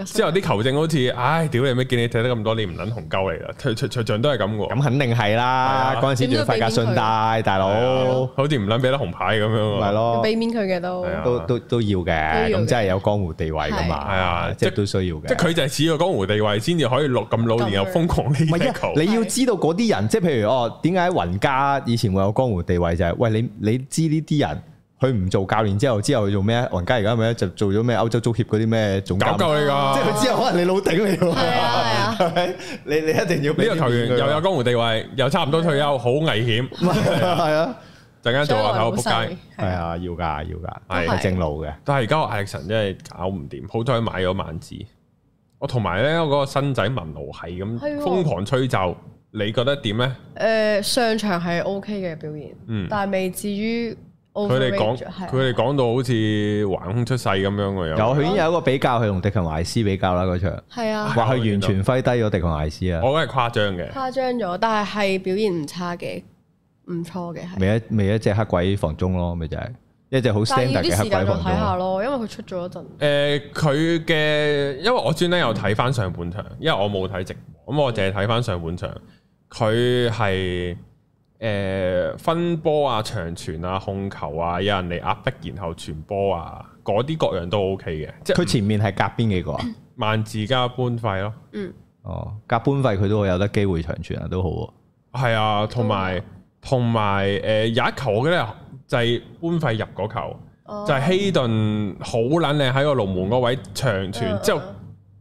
之後啲球證好似，唉，屌你咩，見你踢得咁多，你唔捻紅鳩嚟噶。場場都係咁噶。咁肯定係啦。嗰陣時仲要發夾順帶大佬，好似唔捻俾得紅牌咁樣。係咯，俾面佢嘅都都都都要嘅。咁真係有江湖地位噶嘛？係啊，即都需要嘅。即係佢就係似個江湖地地位先至可以落咁老年又瘋狂。你要知道嗰啲人，即係譬如哦，點解雲加以前會有江湖地位就係，喂你你知呢啲人，佢唔做教練之後，之後佢做咩啊？雲加而家咪就做咗咩歐洲足協嗰啲咩總監嚟噶，即係佢之後可能你老頂嚟喎，你你一定要呢個球員又有江湖地位，又差唔多退休，好危險。係啊，陣間做下頭仆街，係啊，要噶要噶，都係正路嘅。但係而家阿力神真係搞唔掂，好彩買咗萬字。同埋咧，我嗰個新仔文奴係咁瘋狂吹奏，啊、你覺得點咧？誒、呃，上場係 OK 嘅表現，嗯，但係未至於。佢哋講，佢哋是講到好似橫空出世咁樣嘅樣有，佢、哦、已經有一個比較，佢同迪肯艾斯比較啦嗰場。啊，話佢完全揮低咗迪肯艾斯啊！我覺得係誇張嘅，誇張咗，但係係表現唔差嘅，唔錯嘅係。未一未一隻黑鬼防中咯，咪就係。一隻好 stand 嘅黑鬼群睇下咯，因為佢出咗一陣。誒、呃，佢嘅因為我專登有睇翻上半場，因為我冇睇直播，咁、嗯嗯嗯、我淨係睇翻上半場。佢係誒分波啊、長傳啊、控球啊，有人嚟壓逼，然後傳波啊，嗰啲各樣都 O K 嘅。即係佢前面係隔邊幾個啊？嗯、萬字加搬費咯、啊。嗯。哦，隔搬費佢都會有得機會長傳啊，都好。係啊，同埋同埋誒，有一球嘅咧。就係搬費入嗰球，就係希頓好捻靚喺個龍門嗰位長傳，之後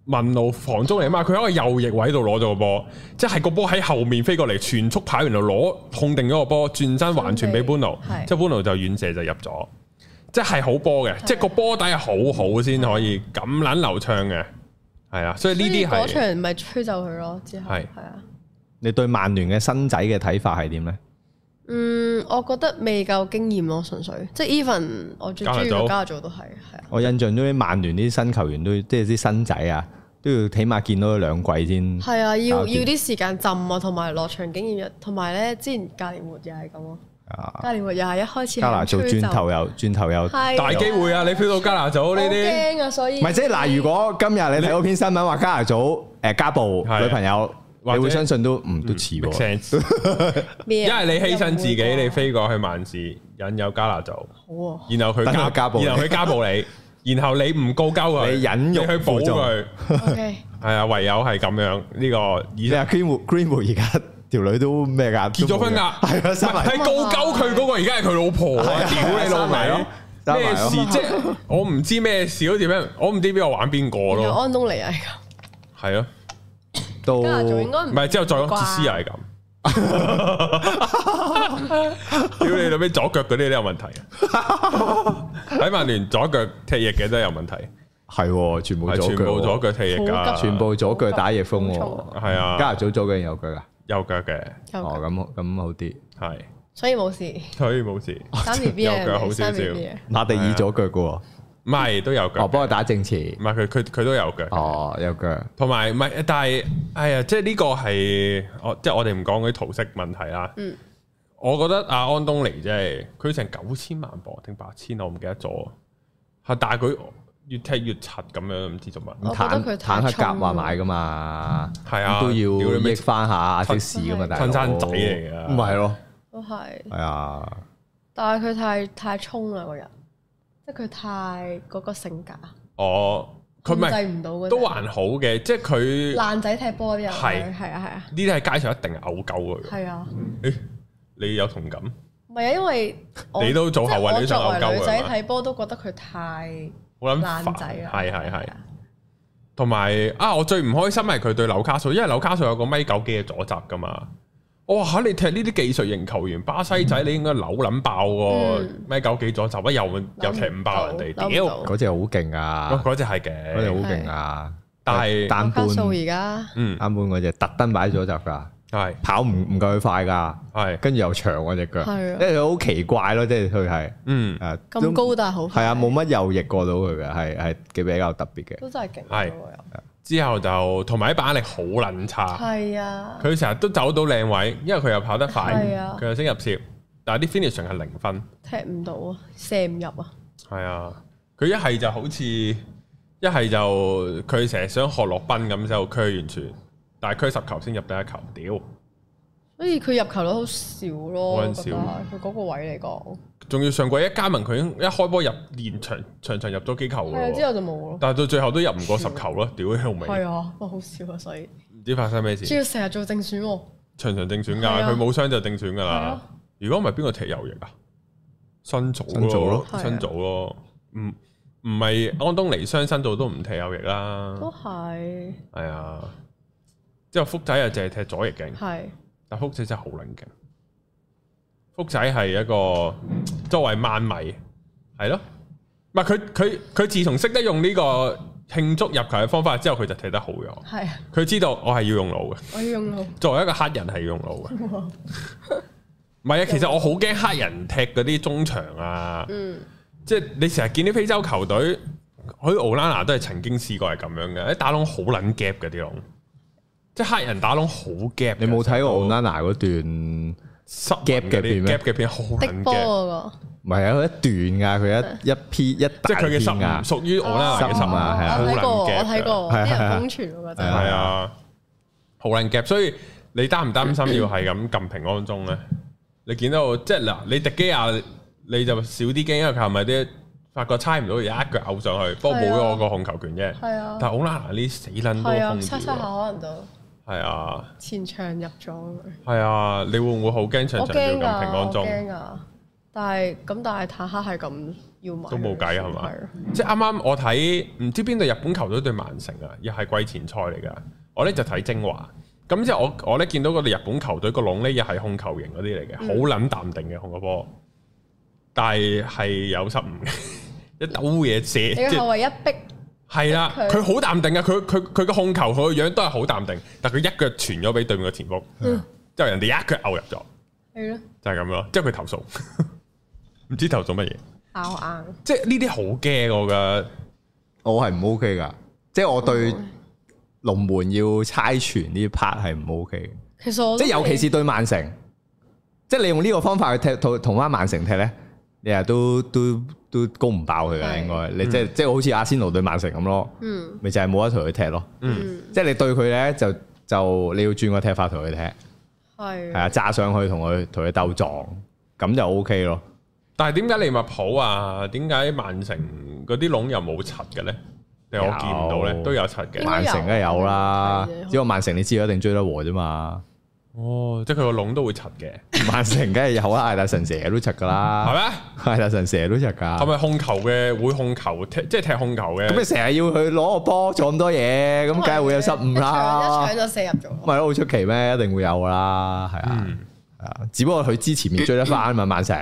問路房中嚟嘛？佢喺個右翼位度攞咗個波，即係個波喺後面飛過嚟，全速跑完度攞控定咗個波，轉身還傳俾般奴，即係般奴就遠射就，就入咗，即係好波嘅，即係個波底係好好先可以咁捻流暢嘅，係啊，所以呢啲係嗰場咪吹走佢咯，之後係啊。你對曼聯嘅新仔嘅睇法係點咧？嗯，我覺得未夠經驗咯，純粹即係 even 我最中意嘅加拿，加拿祖都係，係我印象中啲曼聯啲新球員都即係啲新仔啊，都要起碼見到兩季先。係啊，要要啲時間浸啊，同埋落場經驗，同埋咧之前加連活又係咁咯。啊！加連活又係一開始。加拿祖轉頭又轉頭又的大機會啊！你飛到加拿祖呢啲，驚啊，所以。唔係即係嗱，如果今日你睇嗰篇新聞話加拿祖誒家暴女朋友。你會相信都唔都似喎，因為你犧牲自己，你飛過去曼市引誘加拿大，然後佢加加，然後佢加暴你，然後你唔告鳩佢，隱藏去保佢，係啊，唯有係咁樣呢個。而且 Greenwood 而家條女都咩噶結咗婚噶，係咯，係告鳩佢嗰個，而家係佢老婆，屌你老味咩事啫？我唔知咩事，好似解？我唔知邊個玩邊個咯。安東尼啊，係啊。都唔係，之後再講自私又係咁。屌你，老咩左腳嗰啲都有問題啊！喺曼聯左腳踢翼嘅都有問題，係全部左腳，全部左腳踢翼噶，全部左腳打翼鋒。係啊，加拿祖左腳右腳噶，右腳嘅。哦，咁咁好啲，係。所以冇事，所以冇事。右腳好少少，右腳好少少，馬蒂爾左腳噶。唔係都有嘅，哦，幫我打正字。唔係佢佢佢都有嘅，哦，有嘅。同埋唔係，但係哎呀，即係呢個係我即係我哋唔講嗰啲圖式問題啦。我覺得阿安東尼即係佢成九千萬磅定八千，我唔記得咗。係但係佢越踢越柒咁樣，唔知做乜。我覺得佢坦克夾話買噶嘛，係啊、嗯，都要逆翻下啲市噶嘛，親生仔嚟噶，唔係咯，都係是、uh.，係啊，但係佢太太衝啦個人。即係佢太嗰、那個性格，哦，佢控制唔到，都還好嘅。即係佢爛仔踢波啲人，係係啊係啊，呢啲係街上一定係嘔鳩佢。係啊，誒、啊欸，你有同感？唔係啊，因為你都做後衛， 你都嘔鳩佢。女仔踢波都覺得佢太好捻爛仔啊。係係係。同埋的啊，我最唔開心係佢對紐卡素，因為紐卡素有個米九幾嘅左閘噶嘛。哇嚇！你踢呢啲技術型球員，巴西仔你應該扭撚爆喎，米九幾左集乜又又踢唔爆人哋，屌！嗰隻好勁啊，嗰隻係嘅，嗰隻好勁啊，但係單半而家，嗯，單半嗰隻特登擺左集㗎，係跑唔唔夠佢快㗎，係跟住又長嗰隻腳，係，因為佢好奇怪咯，即係佢係，嗯，啊，咁高但係好，係啊，冇乜右翼過到佢嘅，係係嘅比較特別嘅，都真係勁多嘅。之後就同埋一把力好撚差，係啊！佢成日都走到靚位，因為佢又跑得快，佢、啊、又升入射，但係啲 finishing 係零分，踢唔到啊，射唔入啊！係啊，佢一係就好似一係就佢成日想學落賓咁，就佢完全但係區十球先入第一球，屌！所以佢入球率好少咯，覺得佢嗰個位嚟講，仲要上季一加盟佢，一開波入連場場場入咗幾球嘅，之後就冇咯。但係到最後都入唔過十球咯，屌香味！未？係啊，哇，好少啊，所以唔知發生咩事。仲要成日做正選喎，場場正選㗎，佢冇傷就正選㗎啦。如果唔係邊個踢右翼啊？辛祖咯，辛祖咯，唔唔係安東尼傷辛祖都唔踢右翼啦，都係係啊。之後福仔又淨係踢左翼嘅，係。福仔真係好冷靜，福仔係一個作為萬米係咯，唔係佢佢佢自從識得用呢個慶祝入球嘅方法之後，佢就踢得好咗。係啊，佢知道我係要用腦嘅，我要用腦。作為一個黑人係要用腦嘅，唔係啊。其實我好驚黑人踢嗰啲中場啊，即係你成日見啲非洲球隊，佢似奧拉納都係曾經試過係咁樣嘅，啲打攏好撚夾啲攏。即係黑人打窿好 gap 你冇睇過奧拉娜嗰段 gap 嘅片咩嘅片好難 gap，唔係有一段噶，佢一一批一，即係佢嘅心啊，屬於奧拉娜嘅心啊，係啊，好難 gap。我睇過，係啊，好難 gap。所以你擔唔擔心要係咁撳平安鐘咧？你見到即係嗱，你迪基亞你就少啲驚，因為佢係咪啲發覺猜唔到而家一腳嘔上去，不過冇咗我個控球權啫。係啊，但係奧拉娜呢死撚都可能就。係啊，前場入咗。係啊，你會唔會好驚場場要咁平安鐘？我驚噶，但係咁但係坦克係咁要買。都冇計係嘛，即係啱啱我睇唔知邊隊日本球隊對曼城啊，又係季前賽嚟噶。我咧就睇精華，咁即係我我咧見到嗰隊日本球隊個籠咧又係控球型嗰啲嚟嘅，好、嗯、撚淡定嘅控個波，但係係有失誤嘅， 一兜嘢射。你要後衛一逼。係啦，佢好淡定啊！佢佢佢個控球，佢個樣都係好淡定。但佢一腳傳咗俾對面嘅前鋒，嗯、之後人哋一腳勾入咗，係咯，就係咁咯。即係佢投訴，唔知投訴乜嘢拗硬。即係呢啲好驚我噶，我係唔 OK 噶。即係我對龍門要猜傳呢 part 係唔 OK。其實我即係尤其是對曼城，即係你用呢個方法去踢同同翻曼城踢咧，你啊都都。都都都都都攻唔爆佢嘅，是應該你、就是嗯、即即好似阿仙奴對曼城咁咯，咪、嗯、就係冇得同佢踢咯。嗯、即係你對佢咧，就就你要轉個踢法同佢踢，係係啊，揸上去同佢同佢鬥撞咁就 O K 咯。但係點解利物浦啊？點解曼城嗰啲籠又冇拆嘅咧？我見唔到咧，有都有拆嘅。曼城梗係有啦，只係曼城你知，一定追得和啫嘛。哦，即係佢個籠都會拆嘅，曼城梗係有啦，艾達神射都拆噶啦，係咩？係啦，艾達神射都拆噶。係咪控球嘅？會控球踢，即係踢控球嘅。咁你成日要去攞個波做咁多嘢，咁梗係會有失誤啦。搶咗四入咗，唔係好出奇咩？一定會有啦，係啊，係啊。只不過佢之前追得翻嘛，曼城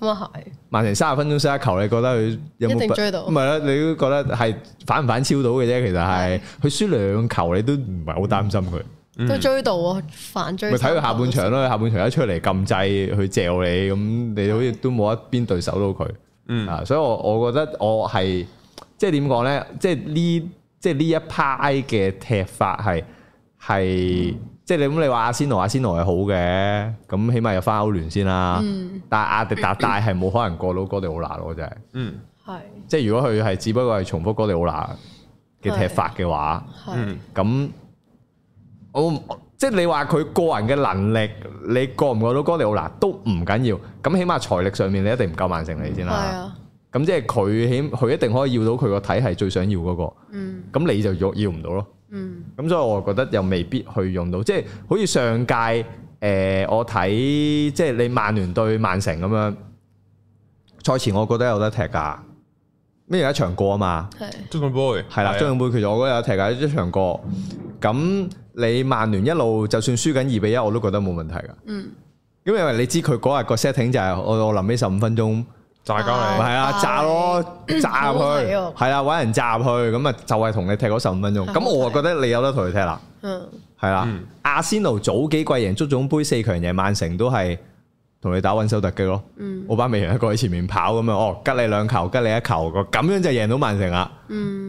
咁啊係。曼城三十分鐘失一球，你覺得佢一定追到？唔係你都覺得係反唔反超到嘅啫。其實係，佢輸兩球，你都唔係好擔心佢。都追到啊，反追。咪睇佢下半場咯，下半場一出嚟禁制去嚼你，咁你好似都冇一邊對手到佢。嗯，啊，所以我我覺得我係即係點講咧，即係呢即係呢一派嘅踢法係係即係你咁，你話阿仙奴阿仙奴係好嘅，咁起碼有翻歐聯先啦。嗯，但係阿迪達大係冇可能過到哥迪奧拿咯，真係。嗯，係。即係如果佢係只不過係重複哥迪奧拿嘅踢法嘅話，係咁。我即係你話佢個人嘅能力，你過唔過到哥迪奧拿都唔緊要，咁起碼財力上面你一定唔夠曼城嚟先啦。咁是、啊、即係佢起佢一定可以要到佢個體系最想要嗰、那個。咁、嗯、你就要要唔到咯。咁、嗯、所以我覺得又未必去用到，即係好似上屆誒、呃，我睇即係你曼聯對曼城咁樣，賽前我覺得有得踢噶，咩有一場過啊嘛？係是、啊。啊對啊、足總盃係啦，足總盃其實我覺得有得踢噶，一場過咁。你曼聯一路就算輸緊二比一，我都覺得冇問題噶。嗯，因為你知佢嗰日個 setting 就係我我臨尾十五分鐘，炸交，你係啊，炸咯，炸入去，係啊，搵人炸入去，咁啊就係同你踢嗰十五分鐘。咁我就覺得你有得同佢踢啦。嗯，係啦。阿仙奴早幾季贏足總杯四強贏曼城都係同你打穩守突擊咯。嗯，奧巴美揚一個喺前面跑咁樣，哦，吉你兩球，吉你一球個，咁樣就贏到曼城啦。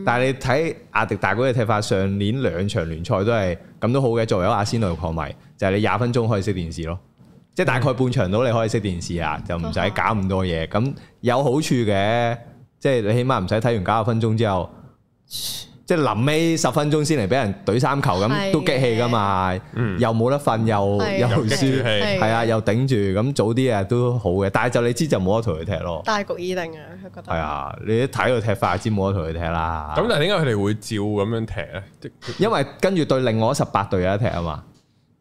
但係你睇阿迪大哥嘅踢法，上年兩場聯賽都係。咁都好嘅，作為一個阿仙奴球迷，就係、是、你廿分鐘可以熄電視咯，嗯、即係大概半場到你可以熄電視啊，嗯、就唔使搞咁多嘢，咁、嗯、有好處嘅，即係你起碼唔使睇完九十分鐘之後。即係臨尾十分鐘先嚟俾人懟三球咁，都激氣噶嘛？又冇得瞓，又又輸，係啊，又頂住咁早啲啊，都好嘅。但係就你知就冇得同佢踢咯。大局已定啊，佢覺得係啊，你一睇到踢法就知冇得同佢踢啦。咁但係點解佢哋會照咁樣踢咧？因為跟住對另外十八隊有得踢啊嘛。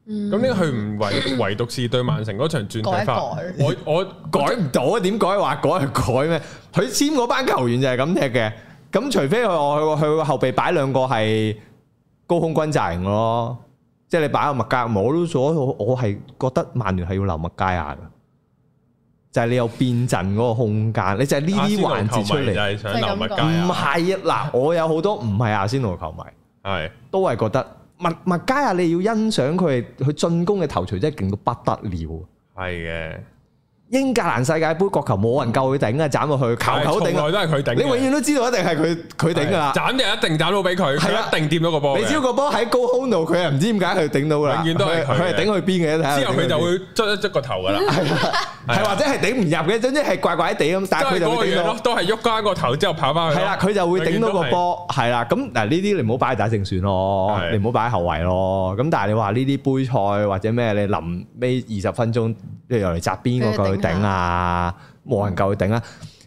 咁點解佢唔唯唯獨是對曼城嗰場轉踢法？我我改唔到啊？點改話改就改咩？佢簽嗰班球員就係咁踢嘅。咁除非佢，佢佢後備擺兩個係高空軍陣咯，即係你擺個麥格，我都做咗，我係覺得曼聯係要留麥加亞嘅，就係、是、你有變陣嗰個空間，你就係呢啲環節出嚟。就想留麥加亞。唔係啊，嗱，我有好多唔係亞仙奴嘅球迷，係 都係覺得麥麥加亞你要欣賞佢，佢進攻嘅頭槌真係勁到不得了。係嘅。英格蘭世界盃國球冇人夠佢頂啊！斬落去球頭頂，從來都係佢頂。你永遠都知道一定係佢佢頂噶啦，斬就一定斬到俾佢，係一定掂到個波。你只要個波喺高空度，佢又唔知點解佢頂到啦。永遠都係佢係頂去邊嘅。之後佢就會捽一捽個頭噶啦，係或者係頂唔入嘅，總之係怪怪地咁。但係佢就頂到，都係喐翻個頭之後跑翻去。係啦，佢就會頂到個波，係啦。咁嗱，呢啲你唔好擺大正算咯，你唔好擺後衛咯。咁但係你話呢啲杯賽或者咩，你臨尾二十分鐘。即係又嚟扎邊個夠去頂啊？冇人夠佢頂啊！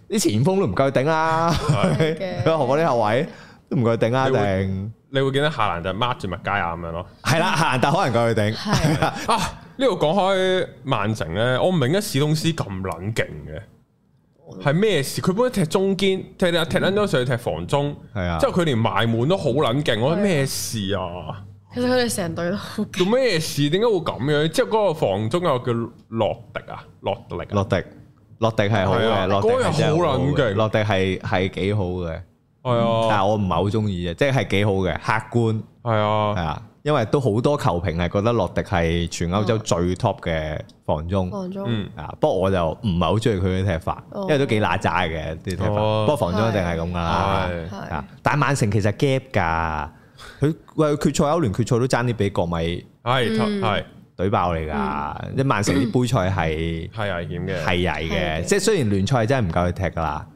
啲前鋒都唔夠佢頂啊！何況呢後位都唔夠佢頂啊！頂，你會見到夏蘭就孖住麥佳啊咁樣咯。係啦， 夏蘭特可能夠佢頂。啊，呢度講開曼城咧，我唔明點解史東斯咁冷勁嘅，係咩事？佢本來踢中堅，踢踢踢捻咗上去踢防中，係 啊，之後佢連埋門都好冷勁，我咩事啊？其實佢哋成隊都做咩事？點解會咁樣？即係嗰個防中又叫洛迪啊，洛迪。洛迪，洛迪係好嘅，洛迪，好冷靜。洛迪係係幾好嘅，係啊。但係我唔係好中意啫，即係幾好嘅客觀係啊係啊，因為都好多球評係覺得洛迪係全歐洲最 top 嘅防中。防中啊，不過我就唔係好中意佢嘅踢法，因為都幾乸渣嘅啲踢法。不過防中一定係咁噶啦，啊！但係曼城其實 gap 噶。佢喂，決賽歐聯決賽都爭啲俾國米、嗯，係係對爆嚟㗎。嗯、一曼城啲杯賽係係 危險嘅，係曳嘅。即係雖然聯賽真係唔夠佢踢㗎啦，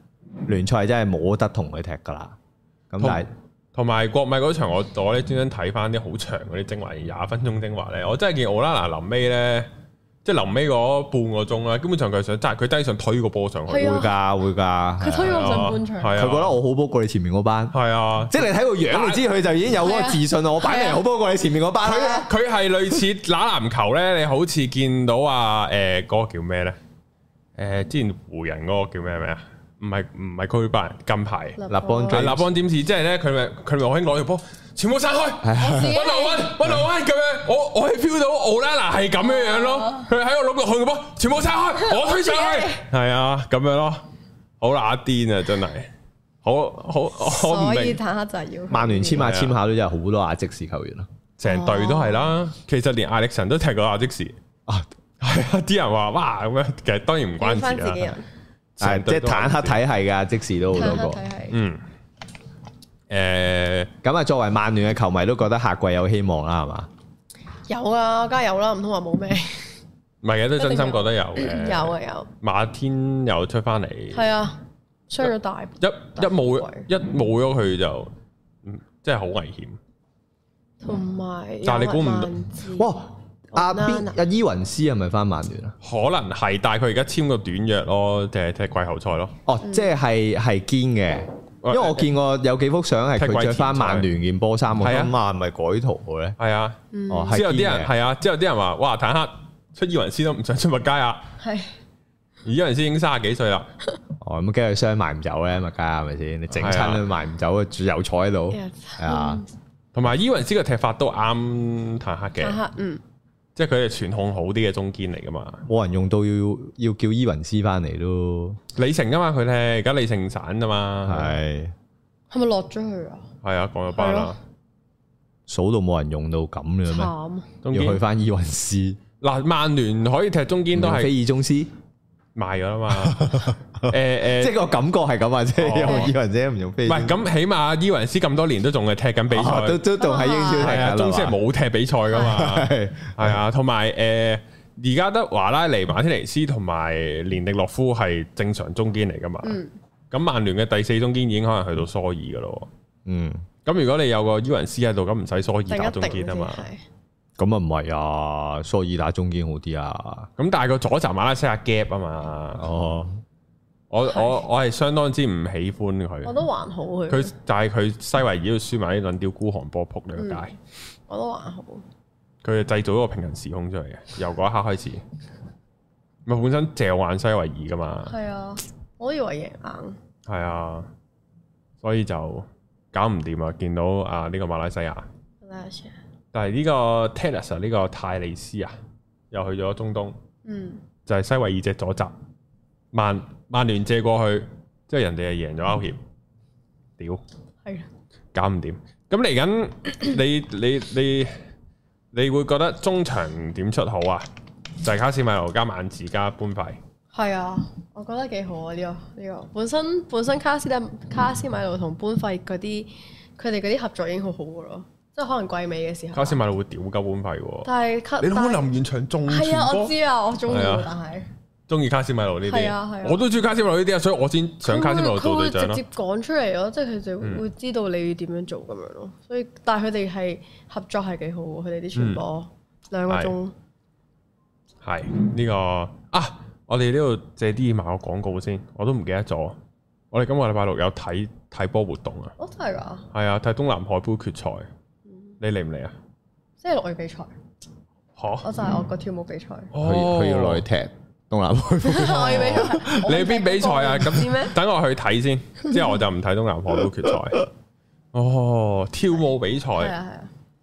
聯賽真係冇得同佢踢㗎啦。咁但係同埋國米嗰場我，我我咧專登睇翻啲好長嗰啲精華，廿分鐘精華咧，我真係見奧拉拿臨尾咧。即係臨尾嗰半個鐘咧，基本上佢係想，但係佢都想推個波上去，會噶會噶。佢推我上半場，佢、啊啊、覺得我好波過你前面嗰班。係啊，即係、啊、你睇個樣，你知佢就已經有嗰個自信咯。啊、我擺明好波過你前面嗰班。佢佢係類似打籃球咧，你好似見到話、啊、誒，嗰、呃那個、叫咩咧？誒、呃，之前湖人嗰個叫咩名？啊？唔係唔係區班近排，立邦，立邦點事？即係咧，佢咪佢咪好興攞條波，全部散開，搵嚟搵，搵嚟搵，咁樣，我我係 feel 到奧拿拿係咁樣樣咯。佢喺度諗落去嘅波，全部散開，我推上去，係啊，咁樣咯，好乸癲啊，真係，好好好。所以坦克就要。曼聯簽下簽下都真係好多阿積士球員咯，成隊都係啦。其實連艾歷臣都踢過阿積士。啊，係啊，啲人話哇咁樣，其實當然唔關事啊。」即係坦克體系噶，即時都好多個。嗯。誒、欸，咁啊，作為曼聯嘅球迷，都覺得下季有希望啦，係嘛？有啊，梗係有啦，啊！唔通話冇咩？唔係嘅，都真心覺得有嘅。有啊有。馬天又出翻嚟。係啊，傷咗大。一一冇一冇咗佢就，嗯，真係好危險。同埋有，嗯，但係你估唔到哇！阿邊阿伊雲斯係咪翻曼聯啊？可能係，但係佢而家簽個短約咯，定係踢季後賽咯？哦，即係係堅嘅，因為我見過有幾幅相係踢着翻曼聯件波衫，我諗話係咪改圖嘅咧？係啊，哦，之後啲人係啊，之後啲人話，哇，坦克出伊雲斯都唔想出麥佳啊！係，而家雲斯已經三十幾歲啦，哦，咁驚佢傷埋唔走咧，麥佳係咪先？你整親佢埋唔走啊，住油彩喺度係啊，同埋伊雲斯嘅踢法都啱坦克嘅，嗯。即係佢哋傳統好啲嘅中堅嚟噶嘛，冇人用到要要叫伊雲斯翻嚟都李成噶嘛佢哋。而家李成散噶嘛，係係咪落咗去了啊？係啊，降咗班啦，數到冇人用到咁嘅咩，都慘要去翻伊雲斯嗱堅、啊，曼聯可以踢中堅都係非爾中斯，賣咗啦嘛。 誒誒，即係個感覺係咁啊，即係用伊雲啫，唔用飛。唔係咁，起碼伊雲斯咁多年都仲係踢緊比賽，都都仲喺英超踢緊。中斯係冇踢比賽噶嘛？係啊，同埋誒，而家得華拉尼、馬天尼斯同埋連迪洛夫係正常中堅嚟噶嘛？咁曼聯嘅第四中堅已經可能去到蘇爾噶咯。嗯，咁如果你有個伊雲斯喺度，咁唔使蘇爾打中堅啊嘛？咁啊唔係啊，蘇爾打中堅好啲啊。咁但係個左閘馬拉西亞 gap 啊嘛。我是我我係相當之唔喜歡佢。我都還好佢。就但係佢西維爾輸埋啲冷雕孤寒波撲兩解，我都還好。佢製造一個平行時空出嚟嘅，由嗰一刻開始。咪 本身淨玩西維爾噶嘛？係啊，我以為贏硬。係啊，所以就搞唔掂啊！見到啊呢、這個馬拉西亞。馬拉西亞。但係呢個 Telles 呢、啊這個泰利斯啊，又去咗中東。嗯。就係西維爾隻左閘。曼曼聯借過去，即係人哋係贏咗歐協，屌係的搞唔掂。咁嚟緊你你你你會覺得中場點出好啊？就係、是、卡斯米路加曼治加搬費。係啊，我覺得幾好啊呢、這個呢、這個。本身本身卡斯、卡斯米路同搬費嗰啲，佢哋嗰啲合作已經好好噶咯。即係可能季尾嘅時候、啊，卡斯米路會屌鳩搬費噶。但係是是你諗唔諗完場中，係啊，我知啊，我中意，但係。中意卡斯米路呢啲，我都中意卡斯米路呢啲啊，所以我先上卡斯米路做隊長，佢會直接講出嚟咯，即係佢就會知道你點樣做咁樣咯。所以，但係佢哋係合作係幾好，佢哋啲傳播兩個鐘。係呢個啊，我哋呢度借啲賣個廣告先，我都唔記得咗。我哋今個禮拜六有睇睇波活動啊！哦，真係噶？係啊，睇東南海杯決賽，你嚟唔嚟啊？即係落去比賽，吓？我就係我個跳舞比賽，佢要落去踢。東南海。你邊比賽啊？咁，等我去睇先，之後我就唔睇東南海盃決賽。 哦，跳舞比賽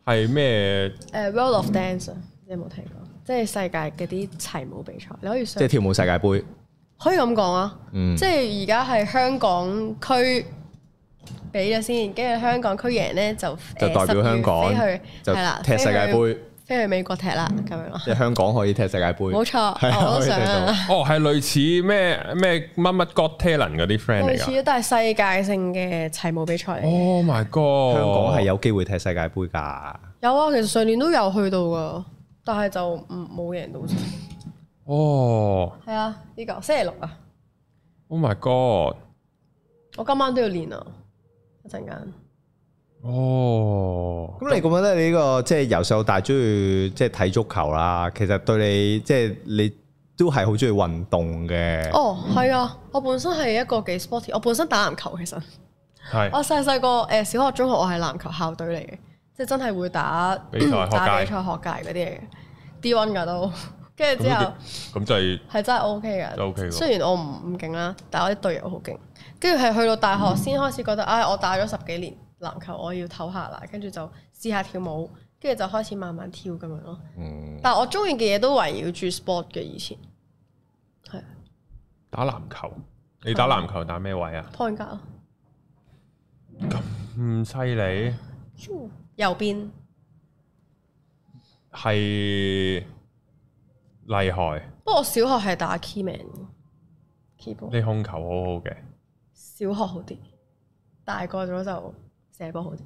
係咩？誒、啊啊 uh，World of Dance，嗯、你有冇聽過？即係世界嗰啲齊舞比賽，你可以即係跳舞世界杯，可以咁講啊！嗯、即係而家係香港區比咗先，跟住香港區贏咧就就代表香港語去就踢世界杯。飛去美國踢啦，咁樣即係香港可以踢世界杯。冇錯，我都想啊。哦，係類似咩咩乜乜 got talent 嗰啲 friend 嚟噶。類似，都係世界性嘅齊舞比賽嚟。Oh my god！香港係有機會踢世界杯噶。有啊，其實上年都有去到噶，但係就唔冇贏到。哦。係啊，呢個星期六啊。Oh my god！我今晚都要練啊！一陣間。哦，咁、oh，嗯、你覺唔覺得你呢個即係由細到大，中意即係睇足球啦。其實對你即係、就是、你都係好中意運動嘅。哦，係啊，我本身係一個幾 sporty。我本身打籃球，其實係係我細細個誒，小學、中學我係籃球校隊嚟嘅，即、就、係、是、真係會打比賽、學界比賽、學界嗰啲嚟嘅。嗯、D one 噶都。跟住之後咁就係、就是、真係 O K 嘅，O K。OK、雖然我唔唔勁啦，但係我啲隊友好勁。跟住係去到大學先開始覺得，唉、嗯哎，我打咗十幾年。籃球我要唞下啦，跟住就試下跳舞，跟住就開始慢慢跳咁樣咯。嗯、但係我中意嘅嘢，都圍繞住 sport 嘅。以前，係啊打籃球。你打籃球打咩位啊？Point Guard 啊！咁犀利，右邊係厲害。邊厲害，不過我小學係打 keyman，keyboard、嗯。Key board 你控球好好嘅，小學好啲，大個咗就。射波好啲，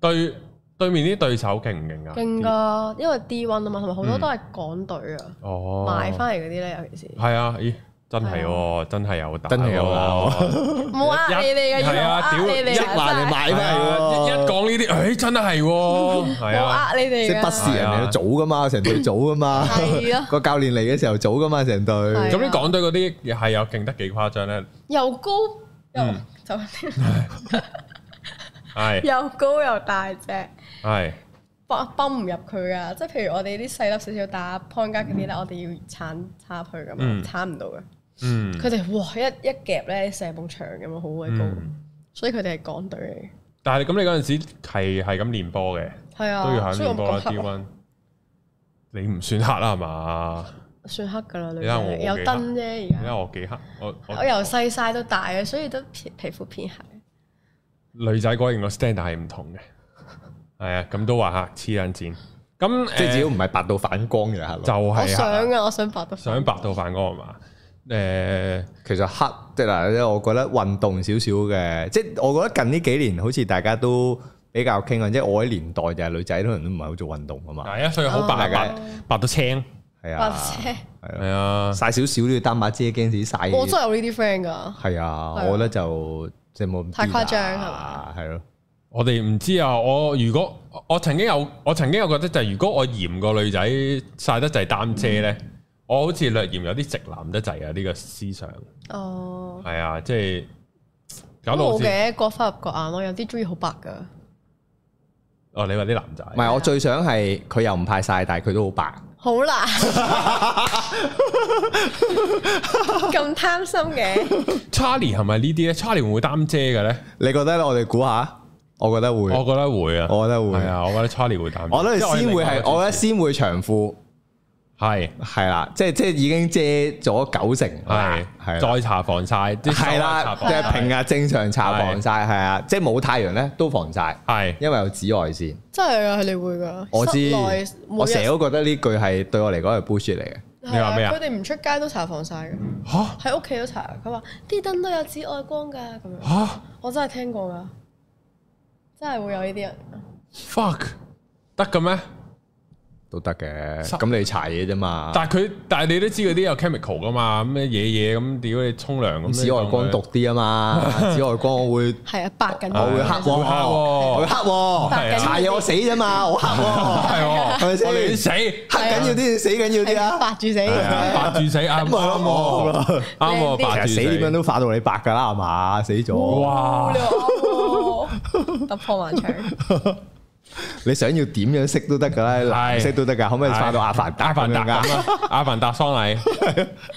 對對面啲對手勁唔勁啊？勁噶，因為 D One 啊嘛，同埋好多都係港隊啊。哦，買翻嚟嗰啲咧，尤其是係啊，咦，真係，真係有打，真係有冇呃你哋嘅係啊，屌你哋一買嚟買翻嚟，一講呢啲，哎，真係喎，冇呃你哋嘅，即不是人哋組噶嘛，成隊組噶嘛，個教練嚟嘅時候組噶嘛，成隊。咁啲港隊嗰啲又係又勁得幾誇張咧？又高又就。又高又大隻，係崩唔入佢噶，即係譬如我哋啲細粒少少打 point guard 嗰啲咧，我哋要鏟下佢噶嘛，鏟唔到嘅。嗯，佢哋哇一一夾咧成埲牆咁樣，好鬼高，所以佢哋係港隊嚟嘅。但係咁，你嗰陣時係係咁練波嘅，係啊，都要響練波啦。d 你唔算黑啦係嘛？算黑噶啦，你有燈啫，而家我幾黑，我我由細曬到大嘅，所以都皮皮膚偏黑。女仔嗰型個 standard 係唔同嘅，係啊，咁都話吓黐撚線，咁即係只要唔係白到反光嘅係嘛，就係想啊，我想白到想白到反光係嘛？誒，其實黑即係，嗱，我覺得運動少少嘅，即係我覺得近呢幾年好似大家都比較傾啊，即係我喺年代就係女仔可能都唔係好做運動啊嘛，係啊，所以好白白白到青係啊，白青係啊，晒少少都要擔把遮，驚自己晒。我真係有呢啲 friend 噶，係啊，我咧就。即係冇太誇張係嘛？係咯吧，我哋唔知啊。我如果我曾經有，我曾經有覺得就係，如果我嫌個女仔曬得滯擔遮咧，嗯、我好似略嫌有啲直男得滯啊。呢、個思想哦，係啊，即係。冇嘅，各花入各眼咯。有啲中意好白噶。哦，你話啲男仔？唔係，我最想係佢又唔怕曬，但係佢都好白。好難，咁貪 心嘅。Charlie 係咪呢啲咧？Charlie 會唔會擔遮嘅咧？你覺得咧？我哋估下，我覺得會，我覺得會,覺得會啊，我覺得會啊，我覺得 Charlie 會擔遮。我覺得先會係， 我覺得先會長褲。係係啦，即係即係已經遮咗九成，係係再搽防曬，係啦，即係平日正常搽防曬，係啊，即係冇太陽咧都防曬，係因為有紫外線，真係啊，佢哋會噶，我知，我成日都覺得呢句係對我嚟講係 bullshit 嚟嘅。你話咩啊？佢哋唔出街都搽防曬嘅，吓，喺屋企都搽，佢話啲燈都有紫外光噶，咁樣吓，我真係聽過噶，真係會有呢啲人，fuck 得嘅咩？都得嘅，咁你搽嘢啫嘛。但係佢，但係你都知嗰啲有 chemical 㗎嘛，咩嘢嘢咁，屌你沖涼咁紫外光毒啲啊嘛，紫外光我會係啊白緊，我會黑喎，會黑喎，搽嘢我死啫嘛，我黑喎，係啊，我咪死黑緊要啲，死緊要啲啊，白住死，白住死啱啊，啱喎，啱喎，其實死點樣都化到你白㗎啦，係嘛，死咗哇，得破萬千。你想要點樣識都得噶啦，難識都得噶，可唔可以翻到阿凡達？阿凡達，阿凡達桑你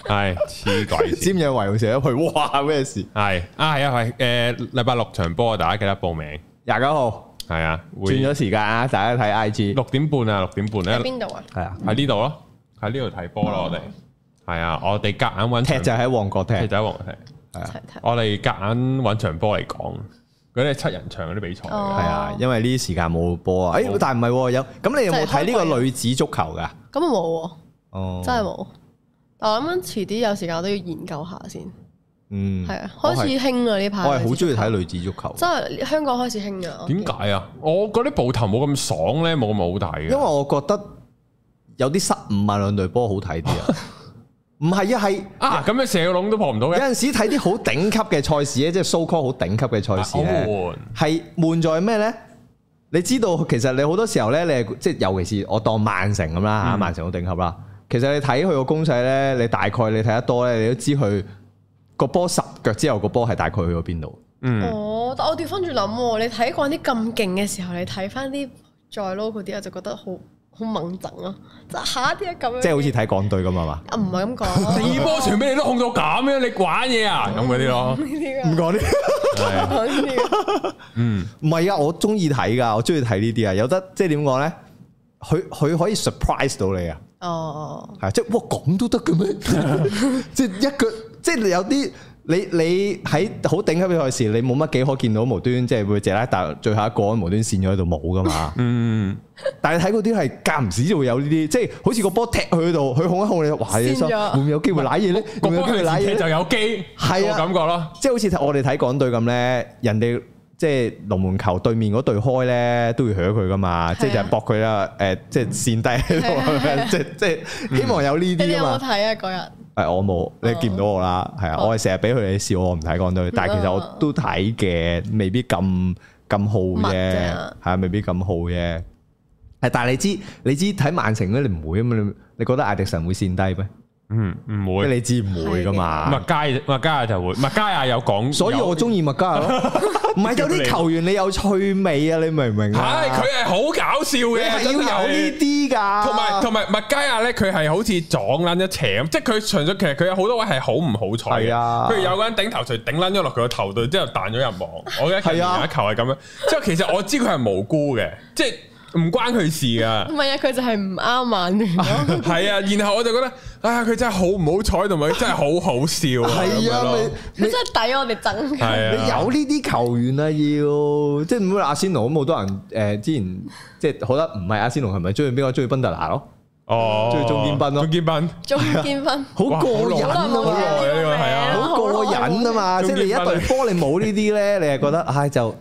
係黐鬼尖嘢，為佢寫一佢，哇咩事？係啊，係啊，係誒，禮拜六場波，大家記得報名。廿九號係啊，轉咗時間啊，大家睇 IG 六點半啊，六點半咧喺邊度啊？係啊，喺呢度咯，喺呢度睇波咯，我哋係啊，我哋夾硬搵踢就喺旺角踢，就喺旺角踢，係啊，我哋夾硬搵場波嚟講。嗰啲七人場嗰啲比賽係啊，因為呢啲時間冇波啊。誒，但係唔係有咁，你有冇睇呢個女子足球噶？咁啊冇，哦，真係冇。但我諗緊遲啲有時間我都要研究下先。嗯，係啊，開始興啊呢排。我係好中意睇女子足球，真係香港開始興啊？點解啊？我嗰啲步頭冇咁爽咧，冇咁好睇嘅。因為我覺得有啲失誤啊，兩隊波好睇啲啊。唔係啊，係啊，咁你成個籠都破唔到嘅。有陣時睇啲好頂級嘅賽事咧，即係 so call 好頂級嘅賽事咧，係悶在咩咧？你知道其實你好多時候咧，你即係尤其是我當曼城咁啦吓，曼城好頂級啦。嗯、其實你睇佢個攻勢咧，你大概你睇得多咧，你都知佢個波十腳之後個波係大概去到邊度。嗯，哦，但我掉返轉諗，你睇慣啲咁勁嘅時候，你睇翻啲再 low 嗰啲我就覺得好。猛啊、好猛憎咯！即係吓啲咁樣，即係好似睇港隊咁啊嘛！啊唔係咁講，第二波傳俾你都控到咁樣，你玩嘢啊咁嗰啲咯，唔講呢啲，嗯 啊，唔係 啊，我中意睇噶，我中意睇呢啲啊，有得即係點講咧？佢佢可以 surprise 到你、哦、啊！哦，係即係哇，咁都得嘅咩？即係一腳，即係有啲。你你喺好頂級比賽時，你冇乜幾可見到無端即係會借拉達最後一個無端線咗喺度冇噶嘛？嗯 但係睇嗰啲係間唔時就會有呢啲，即係好似個波踢佢度，佢控一控你，哇！你會唔會有機會揦嘢咧，個波揦嘢？會唔會有就有機，係啊感覺咯。即係好似我哋睇港隊咁咧，人哋。即係龍門球對面嗰隊開咧，都要響佢噶嘛？是啊、即係就搏佢啦。誒、呃，即係線低喺度，是啊是啊即即係希望有呢啲啊嘛。睇、嗯、啊，嗰日。誒、哎，我冇，你見唔到我啦。係、哦、啊，我係成日俾佢哋笑，我唔睇港隊。哦、但係其實我都睇嘅，未必咁咁好啫。係啊，未必咁好啫。係，但係你知你知睇曼城咧，你唔會啊嘛？你你覺得艾迪臣會線低咩？嗯，唔會，你知唔會噶嘛？麥佳麥佳亞就會，麥佳亞有講，所以我中意麥佳亞。唔係 有啲球員你有趣味啊？你明唔明啊？係佢係好搞笑嘅，係要有，有，有呢啲噶。同埋同埋麥佳亞咧，佢係好似撞撚一邪咁，即係佢純粹其實佢有好多位係好唔好彩係啊，譬如有個人頂頭錘頂撚咗落佢個頭度之後彈咗入網，我記得其中有一球係咁樣。即係、啊、其實我知佢係無辜嘅， 即係。唔關佢事噶，唔係啊，佢就係唔啱曼聯咯。係啊，然後我就覺得，哎呀，佢真係好唔好彩，同埋佢真係好好笑，係啊，佢真係抵我哋憎。係啊，你有呢啲球員啊，要即係唔好阿仙奴咁，好多人誒，之前即係好得唔係阿仙奴，係咪鍾意邊個？鍾意賓特拿咯，哦，鍾意鍾健斌咯，鍾健斌，鍾健斌，好過癮啊，係啊，好過癮啊嘛，即係你一隊波，你冇呢啲咧，你係覺得，唉就。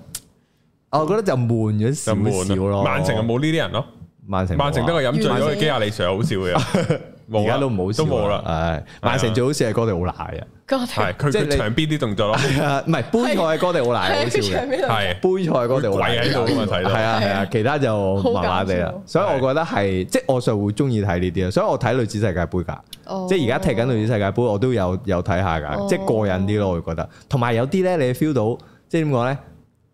我覺得就悶咗少少咯。曼城有冇呢啲人咯，曼城曼城都係飲醉咗嘅基亞里上好笑嘅，而家都唔好笑，都冇啦。誒，曼城最好笑係歌德好奶啊，哥德，佢佢場邊啲動作咯，係啊，唔係杯賽嘅哥德好奶好笑嘅，係杯賽哥德。跪喺度咁啊睇係啊係啊，其他就麻麻地啦。所以我覺得係，即係我上會鍾意睇呢啲啊。所以我睇女子世界杯噶，即係而家踢緊女子世界杯，我都有有睇下噶，即係過癮啲咯。我覺得，同埋有啲咧，你 feel 到，即係點講咧？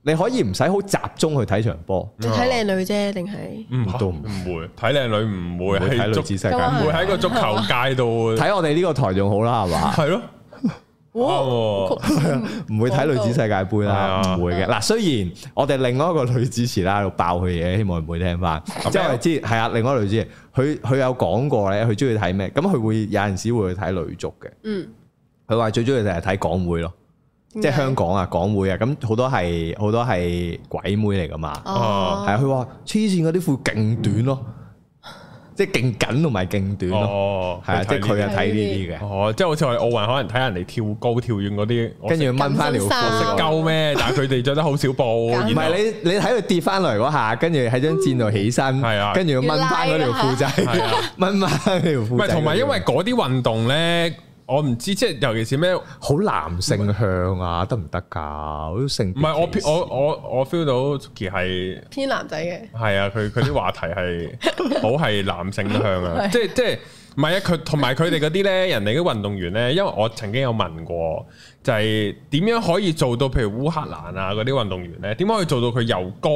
你可以唔使好集中去睇場波，睇靚女啫，定係唔都唔會睇靚女，唔會睇女子世界，唔會喺個足球界度睇。我哋呢個台仲好啦，係嘛？係咯，唔會睇女子世界盃啦，唔會嘅。嗱，雖然我哋另外一個女主持啦喺度爆佢嘢，希望唔會聽翻。即係我哋知係啊，另外一個女主持，佢佢有講過咧，佢中意睇咩？咁佢會有陣時會去睇女足嘅。嗯，佢話最中意就係睇港會咯。即係香港啊，港會啊，咁好多係好多係鬼妹嚟噶嘛，係啊，佢話黐線嗰啲褲勁短咯，即係勁緊同埋勁短咯，係即係佢啊睇呢啲嘅，哦，即係好似我奧運可能睇人哋跳高跳遠嗰啲，跟住掹翻條褲，我識溝咩？但係佢哋着得好少布，唔係你你喺度跌翻嚟嗰下，跟住喺張墊度起身，係啊，跟住要掹翻嗰條褲仔，掹翻條褲仔，唔係同埋因為嗰啲運動咧。我唔知，即係尤其是咩好男性向啊，得唔得㗎？好多性唔係我我我我 feel 到 Suki 係偏男仔嘅，係啊，佢佢啲話題係 好係男性向啊， 即係即係唔係啊？佢同埋佢哋嗰啲咧，人哋啲運動員咧，因為我曾經有問過，就係、是、點樣可以做到？譬如烏克蘭啊嗰啲運動員咧，點可以做到佢又高，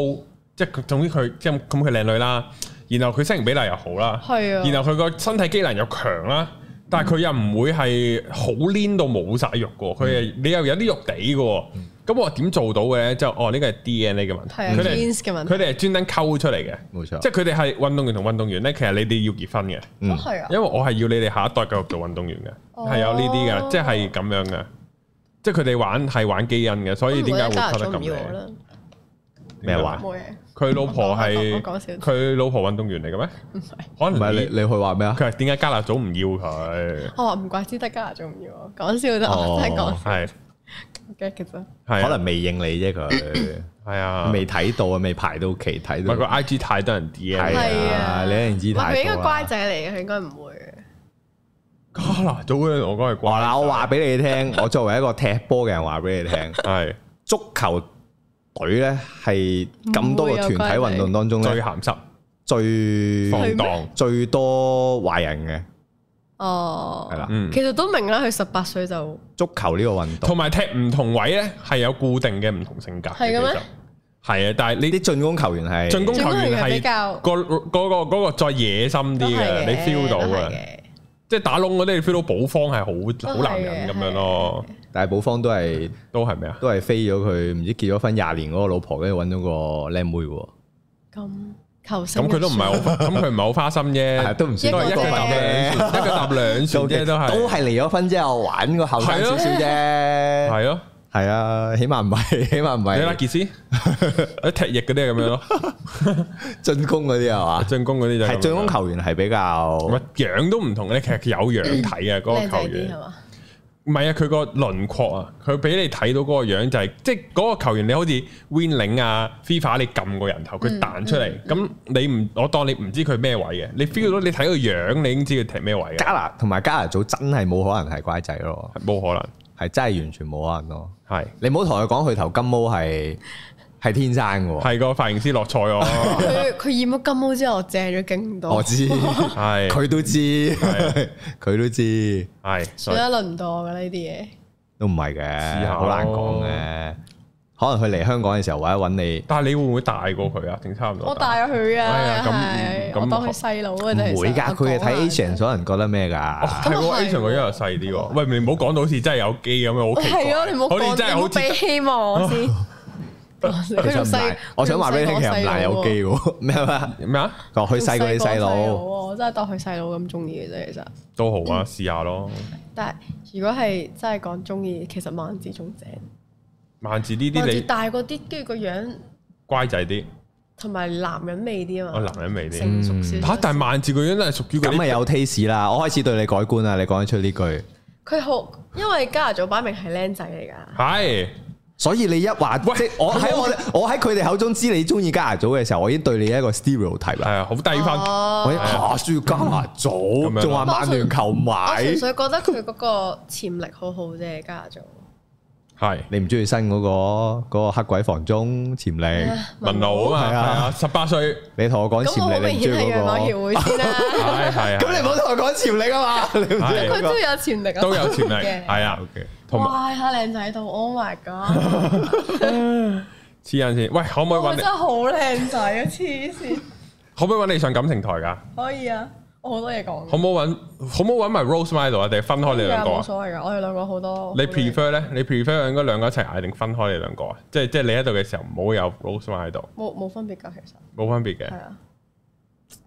即係佢總之佢即係咁佢靚女啦，然後佢身形比例又好啦，係是啊，然後佢個身體機能又強啦。但係佢又唔會係好黏到冇晒肉嘅，佢係你又有啲肉地嘅，咁、嗯、我點做到嘅咧？就哦，呢個係 DNA 嘅問題，係 i 嘅問題，佢哋係專登溝出嚟嘅，冇錯錯。即係佢哋係運動員同運動員咧，其實你哋要結婚嘅，嗯，係、哦、啊，因為我係要你哋下一代繼續做運動員嘅，係、哦、有呢啲嘅，即係咁樣嘅，即係佢哋玩係玩基因嘅，所以點解會溝得咁靚？咩話？佢老婆係，講笑。佢老婆運動員嚟嘅咩？唔係，可能係你，你去話咩啊？佢話點解加拿祖唔要佢？我話唔怪之得加拿祖唔要，講笑啫，真係講笑。係，其實可能未認你啫，佢係啊，未睇到啊，未排到期睇。唔係 I G 太多人點啊？係啊，你一人知。我俾個乖仔嚟嘅，佢應該唔會。加拿祖我講係話啦，我話俾你聽，我作為一個踢波嘅人話俾你聽，係足球。隊呢係咁多個團體運動當中最鹹濕、最放蕩、最多壞人嘅哦，係啦，其實都明啦，佢十八歲就足球呢個運動，同埋踢唔同位呢係有固定嘅唔同性格，係嘅咩？係啊，但係你啲進攻球員係進攻球員係較個嗰個再野心啲嘅，你 feel 到嘅。即係打窿嗰啲，你 feel 到保方係好好男人咁樣咯。但係保方都係都係咩啊？都係飛咗佢，唔知結咗婚廿年嗰個老婆，跟住揾咗個靚妹、妹。咁咁佢都唔係，咁佢唔係好花心啫、 啊，都唔算。一個搭兩，一個搭兩數啫， 都係是。都係離咗婚之後，玩後，玩個後生少少啫。係咯、啊。係啊，起碼唔係，起碼唔係。你睇下傑斯， 踢翼嗰啲咁樣咯，進攻嗰啲係嘛？進攻嗰啲就係進攻球員，係比較。乜樣都唔同咧，其實有樣睇啊，嗰、嗯、個球員係嘛？唔係啊，佢個輪廓啊，佢俾你睇到嗰個樣就係、是，即係嗰個球員你好似 Winning 啊，FIFA 你撳個人頭，佢彈出嚟，咁、嗯嗯、你唔，我當你唔知佢咩位嘅，你 feel 到你睇個樣，嗯、你已經知佢踢咩位。加拿大同埋加拿大組真係冇可能係乖仔咯，冇可能。係真係完全冇可能咯，係是你唔好同佢講佢頭金毛係係天生嘅，係個髮型師落菜我。佢 染咗金毛之後我借咗勁多，我知，係佢都知，佢的 都知，係。有得輪多嘅呢啲嘢， 都唔係嘅，好難講嘅。可能佢嚟香港嘅時候或者揾你，但係你會唔會大過佢啊？定差唔多？我大過佢啊！係啊，咁咁當佢細佬啊？唔會噶，佢係睇 Asian，所有人覺得咩噶？睇過，Asian 佢因為細啲喎。喂，唔好講到好似真係有機咁樣，我係啊，你唔好講到俾希望我先，細，我想話俾你聽，其實唔難有機喎。咩啊？咩啊？佢細過你細佬，我真係當佢細佬咁中意嘅啫。其實都好啊，試下咯。但係如果係真係講中意，其實萬紫中正。萬字呢啲，你大嗰啲，跟住個樣乖仔啲，同埋男人味啲嘛，男人味啲，吓但係萬字個樣都係屬於咁，啲有 taste 啦。我開始對你改觀啦，你講得出呢句，佢好，因為加拿祖擺明係靚仔嚟噶，係所以你一話即我喺我我喺佢哋口中知你中意加拿祖嘅時候，我已經對你一個 stereotype 係啊好低分，我一「下住加拿祖，仲話曼聯購買，所以覺得佢嗰個潛力好好啫，加拿祖。係，你唔中意新嗰個嗰個黑鬼房中潛力文佬啊嘛，係啊，十八歲你同我講潛力，你唔中意嗰啊，咁你唔好同我講潛力啊嘛，你佢都有潛力啊，都有潛力，係啊，嘅。哇，下靚仔到，Oh my God！黐人先，喂，可唔可以搵你？真係好靚仔啊，黐線！可唔可以搵你上感情台噶？可以啊。好多嘢講，好唔好揾？好唔好揾埋 Rose Milo 啊？定係分開你兩個？冇所謂㗎，我哋兩個好多。你 prefer 咧？你 prefer 應該兩個一齊嗌定分開你兩個啊？即係即係你喺度嘅時候，唔好有 Rose Milo 喺度。冇冇分別㗎，其實。冇分別嘅。係啊。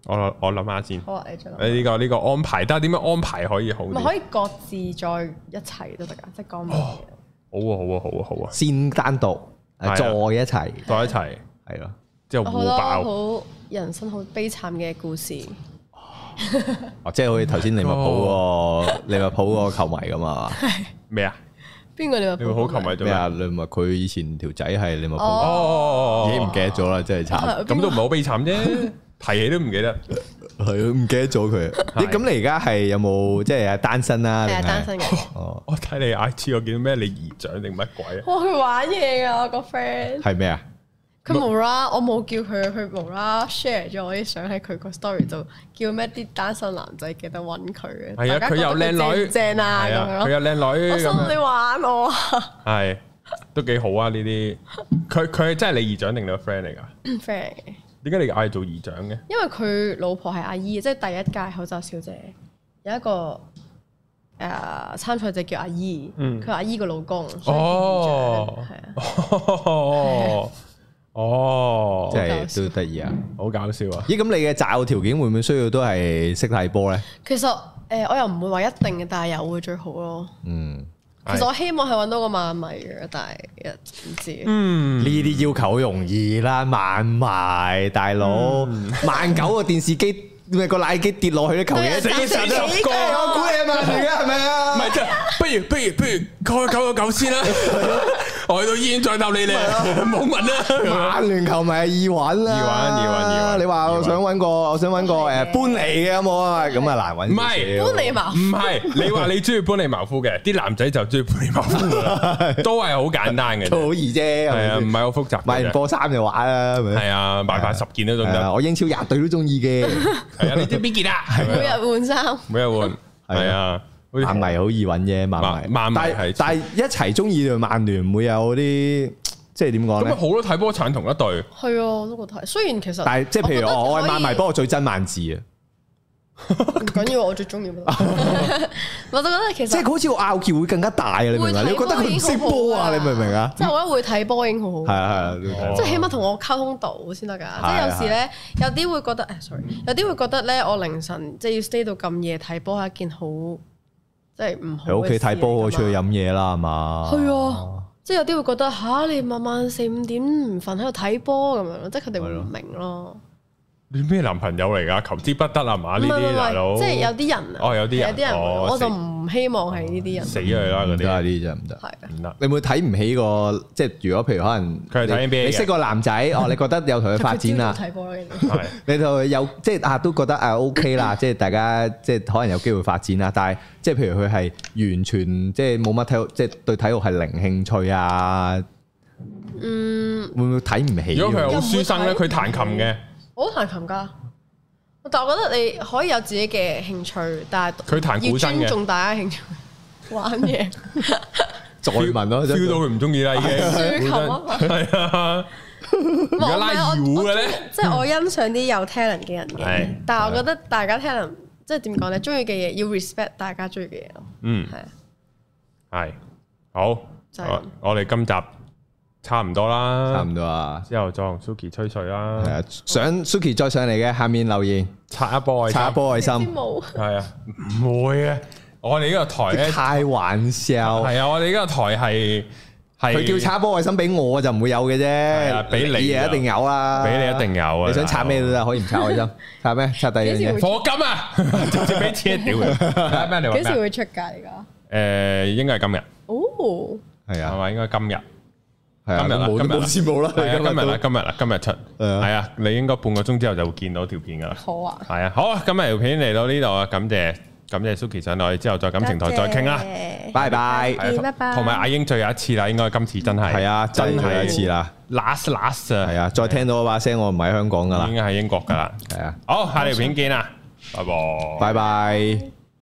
我我諗下先。好啊，你再諗。你呢個呢個安排，但係點樣安排可以好？咪可以各自再一齊都得㗎，即係講咩嘅？好啊好啊好啊好啊！先單獨，再一齊，再一齊，係咯，之後互爆，好人生好悲慘嘅故事。哦，即係好似頭先利物浦個利物浦個球迷咁啊？係咩啊？邊個利物浦？利物浦球迷做咩啊？利物浦佢以前條仔係利物浦，已經唔記得咗啦，真係慘。咁都唔係好悲慘啫，提起都唔記得，係唔記得咗佢。你咁你而家係有冇即係單身啊？係單身嘅。我睇你 IG 我見到咩你姨長定乜鬼啊？我佢玩嘢啊我個 friend，係咩啊？佢無啦，我冇叫佢去無啦 share 咗我啲相喺佢個 story 度，就叫咩啲單身男仔記得揾佢嘅。係啊的，佢又靚女，女正，正啊，佢又靚女。我心你玩我 啊！係都幾好啊呢啲。佢佢真係你姨丈定你個 friend 嚟㗎？friend。點解你嗌佢做姨丈嘅？因為佢老婆係阿姨，即、就、係、是、第一屆口罩小姐有一個誒、呃、參賽者叫阿姨。佢、嗯、阿姨個老公。哦。係啊對。 哦，即係都得意啊，好搞笑啊！咦，咁你嘅擇偶條件會唔會需要都係識睇波咧？其實誒，我又唔會話一定嘅，但係有嘅最好咯。嗯，其實我希望係揾到個萬迷嘅，但係唔知。嗯，呢啲要求好容易啦，萬迷大佬萬九個電視機，咪個奶機跌落去啲球嘢，成日都入個。我估係萬二嘅係咪啊？唔係，不如不如不如開九個九先啦。我去到醫院再投你哋咯，冇問啦，曼聯球咪易玩啦，易玩易玩易玩，你話我想揾個，我想揾個搬嚟嘅有冇啊？咁啊難揾。唔係搬嚟茅，唔係你話你中意搬嚟茅夫嘅，啲男仔就中意搬嚟茅夫都係好簡單嘅，都好易啫。係啊，唔係好複雜。買件波衫就玩啦，係啊，買翻十件都中意。我英超廿隊都中意嘅，係啊，你中邊件啊？每日換衫，每日換係啊。萬迷好易揾嘅，曼迷，但係但係一齊中意對曼聯，唔會有啲即係點講咧？咁咪好多睇波鏟同一隊，係啊，我都覺得係。雖然其實，但係即係譬如我，我係曼迷，不過最憎萬字啊！唔緊要，我最中意。我都覺得其實即係好似個拗撬會更加大啊！你明唔明？你覺得佢唔識波啊？你明唔明啊？即係我咧會睇波已經好好，係啊係啊，即係起碼同我溝通到先得噶。即係有時咧，有啲會覺得誒，sorry，有啲會覺得咧，我凌晨即係要 stay 到咁夜睇波係一件好。即係唔好喺屋企睇波，我出去飲嘢啦，係嘛？係 啊，即有啲會覺得吓、啊，你晚晚四五點唔瞓喺度睇波咁樣，即係佢哋會唔明白咯。你咩男朋友嚟噶？求之不得啊嘛！呢啲大佬，即係有啲人哦，有啲人，有啲人，我就唔希望係呢啲人死啦，嗰啲，嗰啲真唔得，唔得。你會睇唔起個，即係如果譬如可能佢係你識個男仔哦，你覺得有同佢發展啊？睇波咯，係你就有即係啊，都覺得啊 OK 啦，即係大家即係可能有機會發展啦。但係即係譬如佢係完全即係冇乜體育，即係對體育係零興趣啊。嗯，會唔會睇唔起？如果佢好書生咧，佢彈琴嘅。 嗯、好，彈琴噶，但係我覺得你可以有自己嘅興趣，但係要尊重大家興趣玩嘢。再問咯，超到佢唔中意啦，已經。係啊，而家拉二胡嘅咧，即係我欣賞啲有 talent 嘅人嘅，但係我覺得大家 talent，即係點講咧，中意嘅嘢要 respect 大家中意嘅嘢咯。嗯，係係好，就係我哋今集。差唔多啦，差唔多啊！之後再同 Suki 吹水啦。係啊，想 Suki 再上嚟嘅，下面留言拆一波愛，拆一波愛心。冇係啊，唔會啊！我哋呢個台太玩笑。係啊，我哋呢個台係係佢叫拆一波愛心俾我就唔會有嘅啫。俾你，一定有啊！俾你一定有啊！你想拆咩都得，可以唔拆愛心？拆咩？拆第二樣嘢？火金啊！直接俾車屌嘅。幾時會出街噶？而家誒，應該係今日。哦，係啊，係咪？應該今日。今日冇今日冇啦，今日啦，今日啦，今日出，係啊，你應該半個鐘之後就會見到條片噶啦。好啊，係啊，好啊，今日條片嚟到呢度啊，感謝感謝 Suki 上去，之後再感情台再傾啦，拜拜，同埋阿英最後一次啦，應該今次真係，係啊，真係一次啦，last last，係啊，再聽到我把聲，我唔喺香港噶啦，應該喺英國噶啦，係啊，好，下條片見啊，拜拜，拜拜。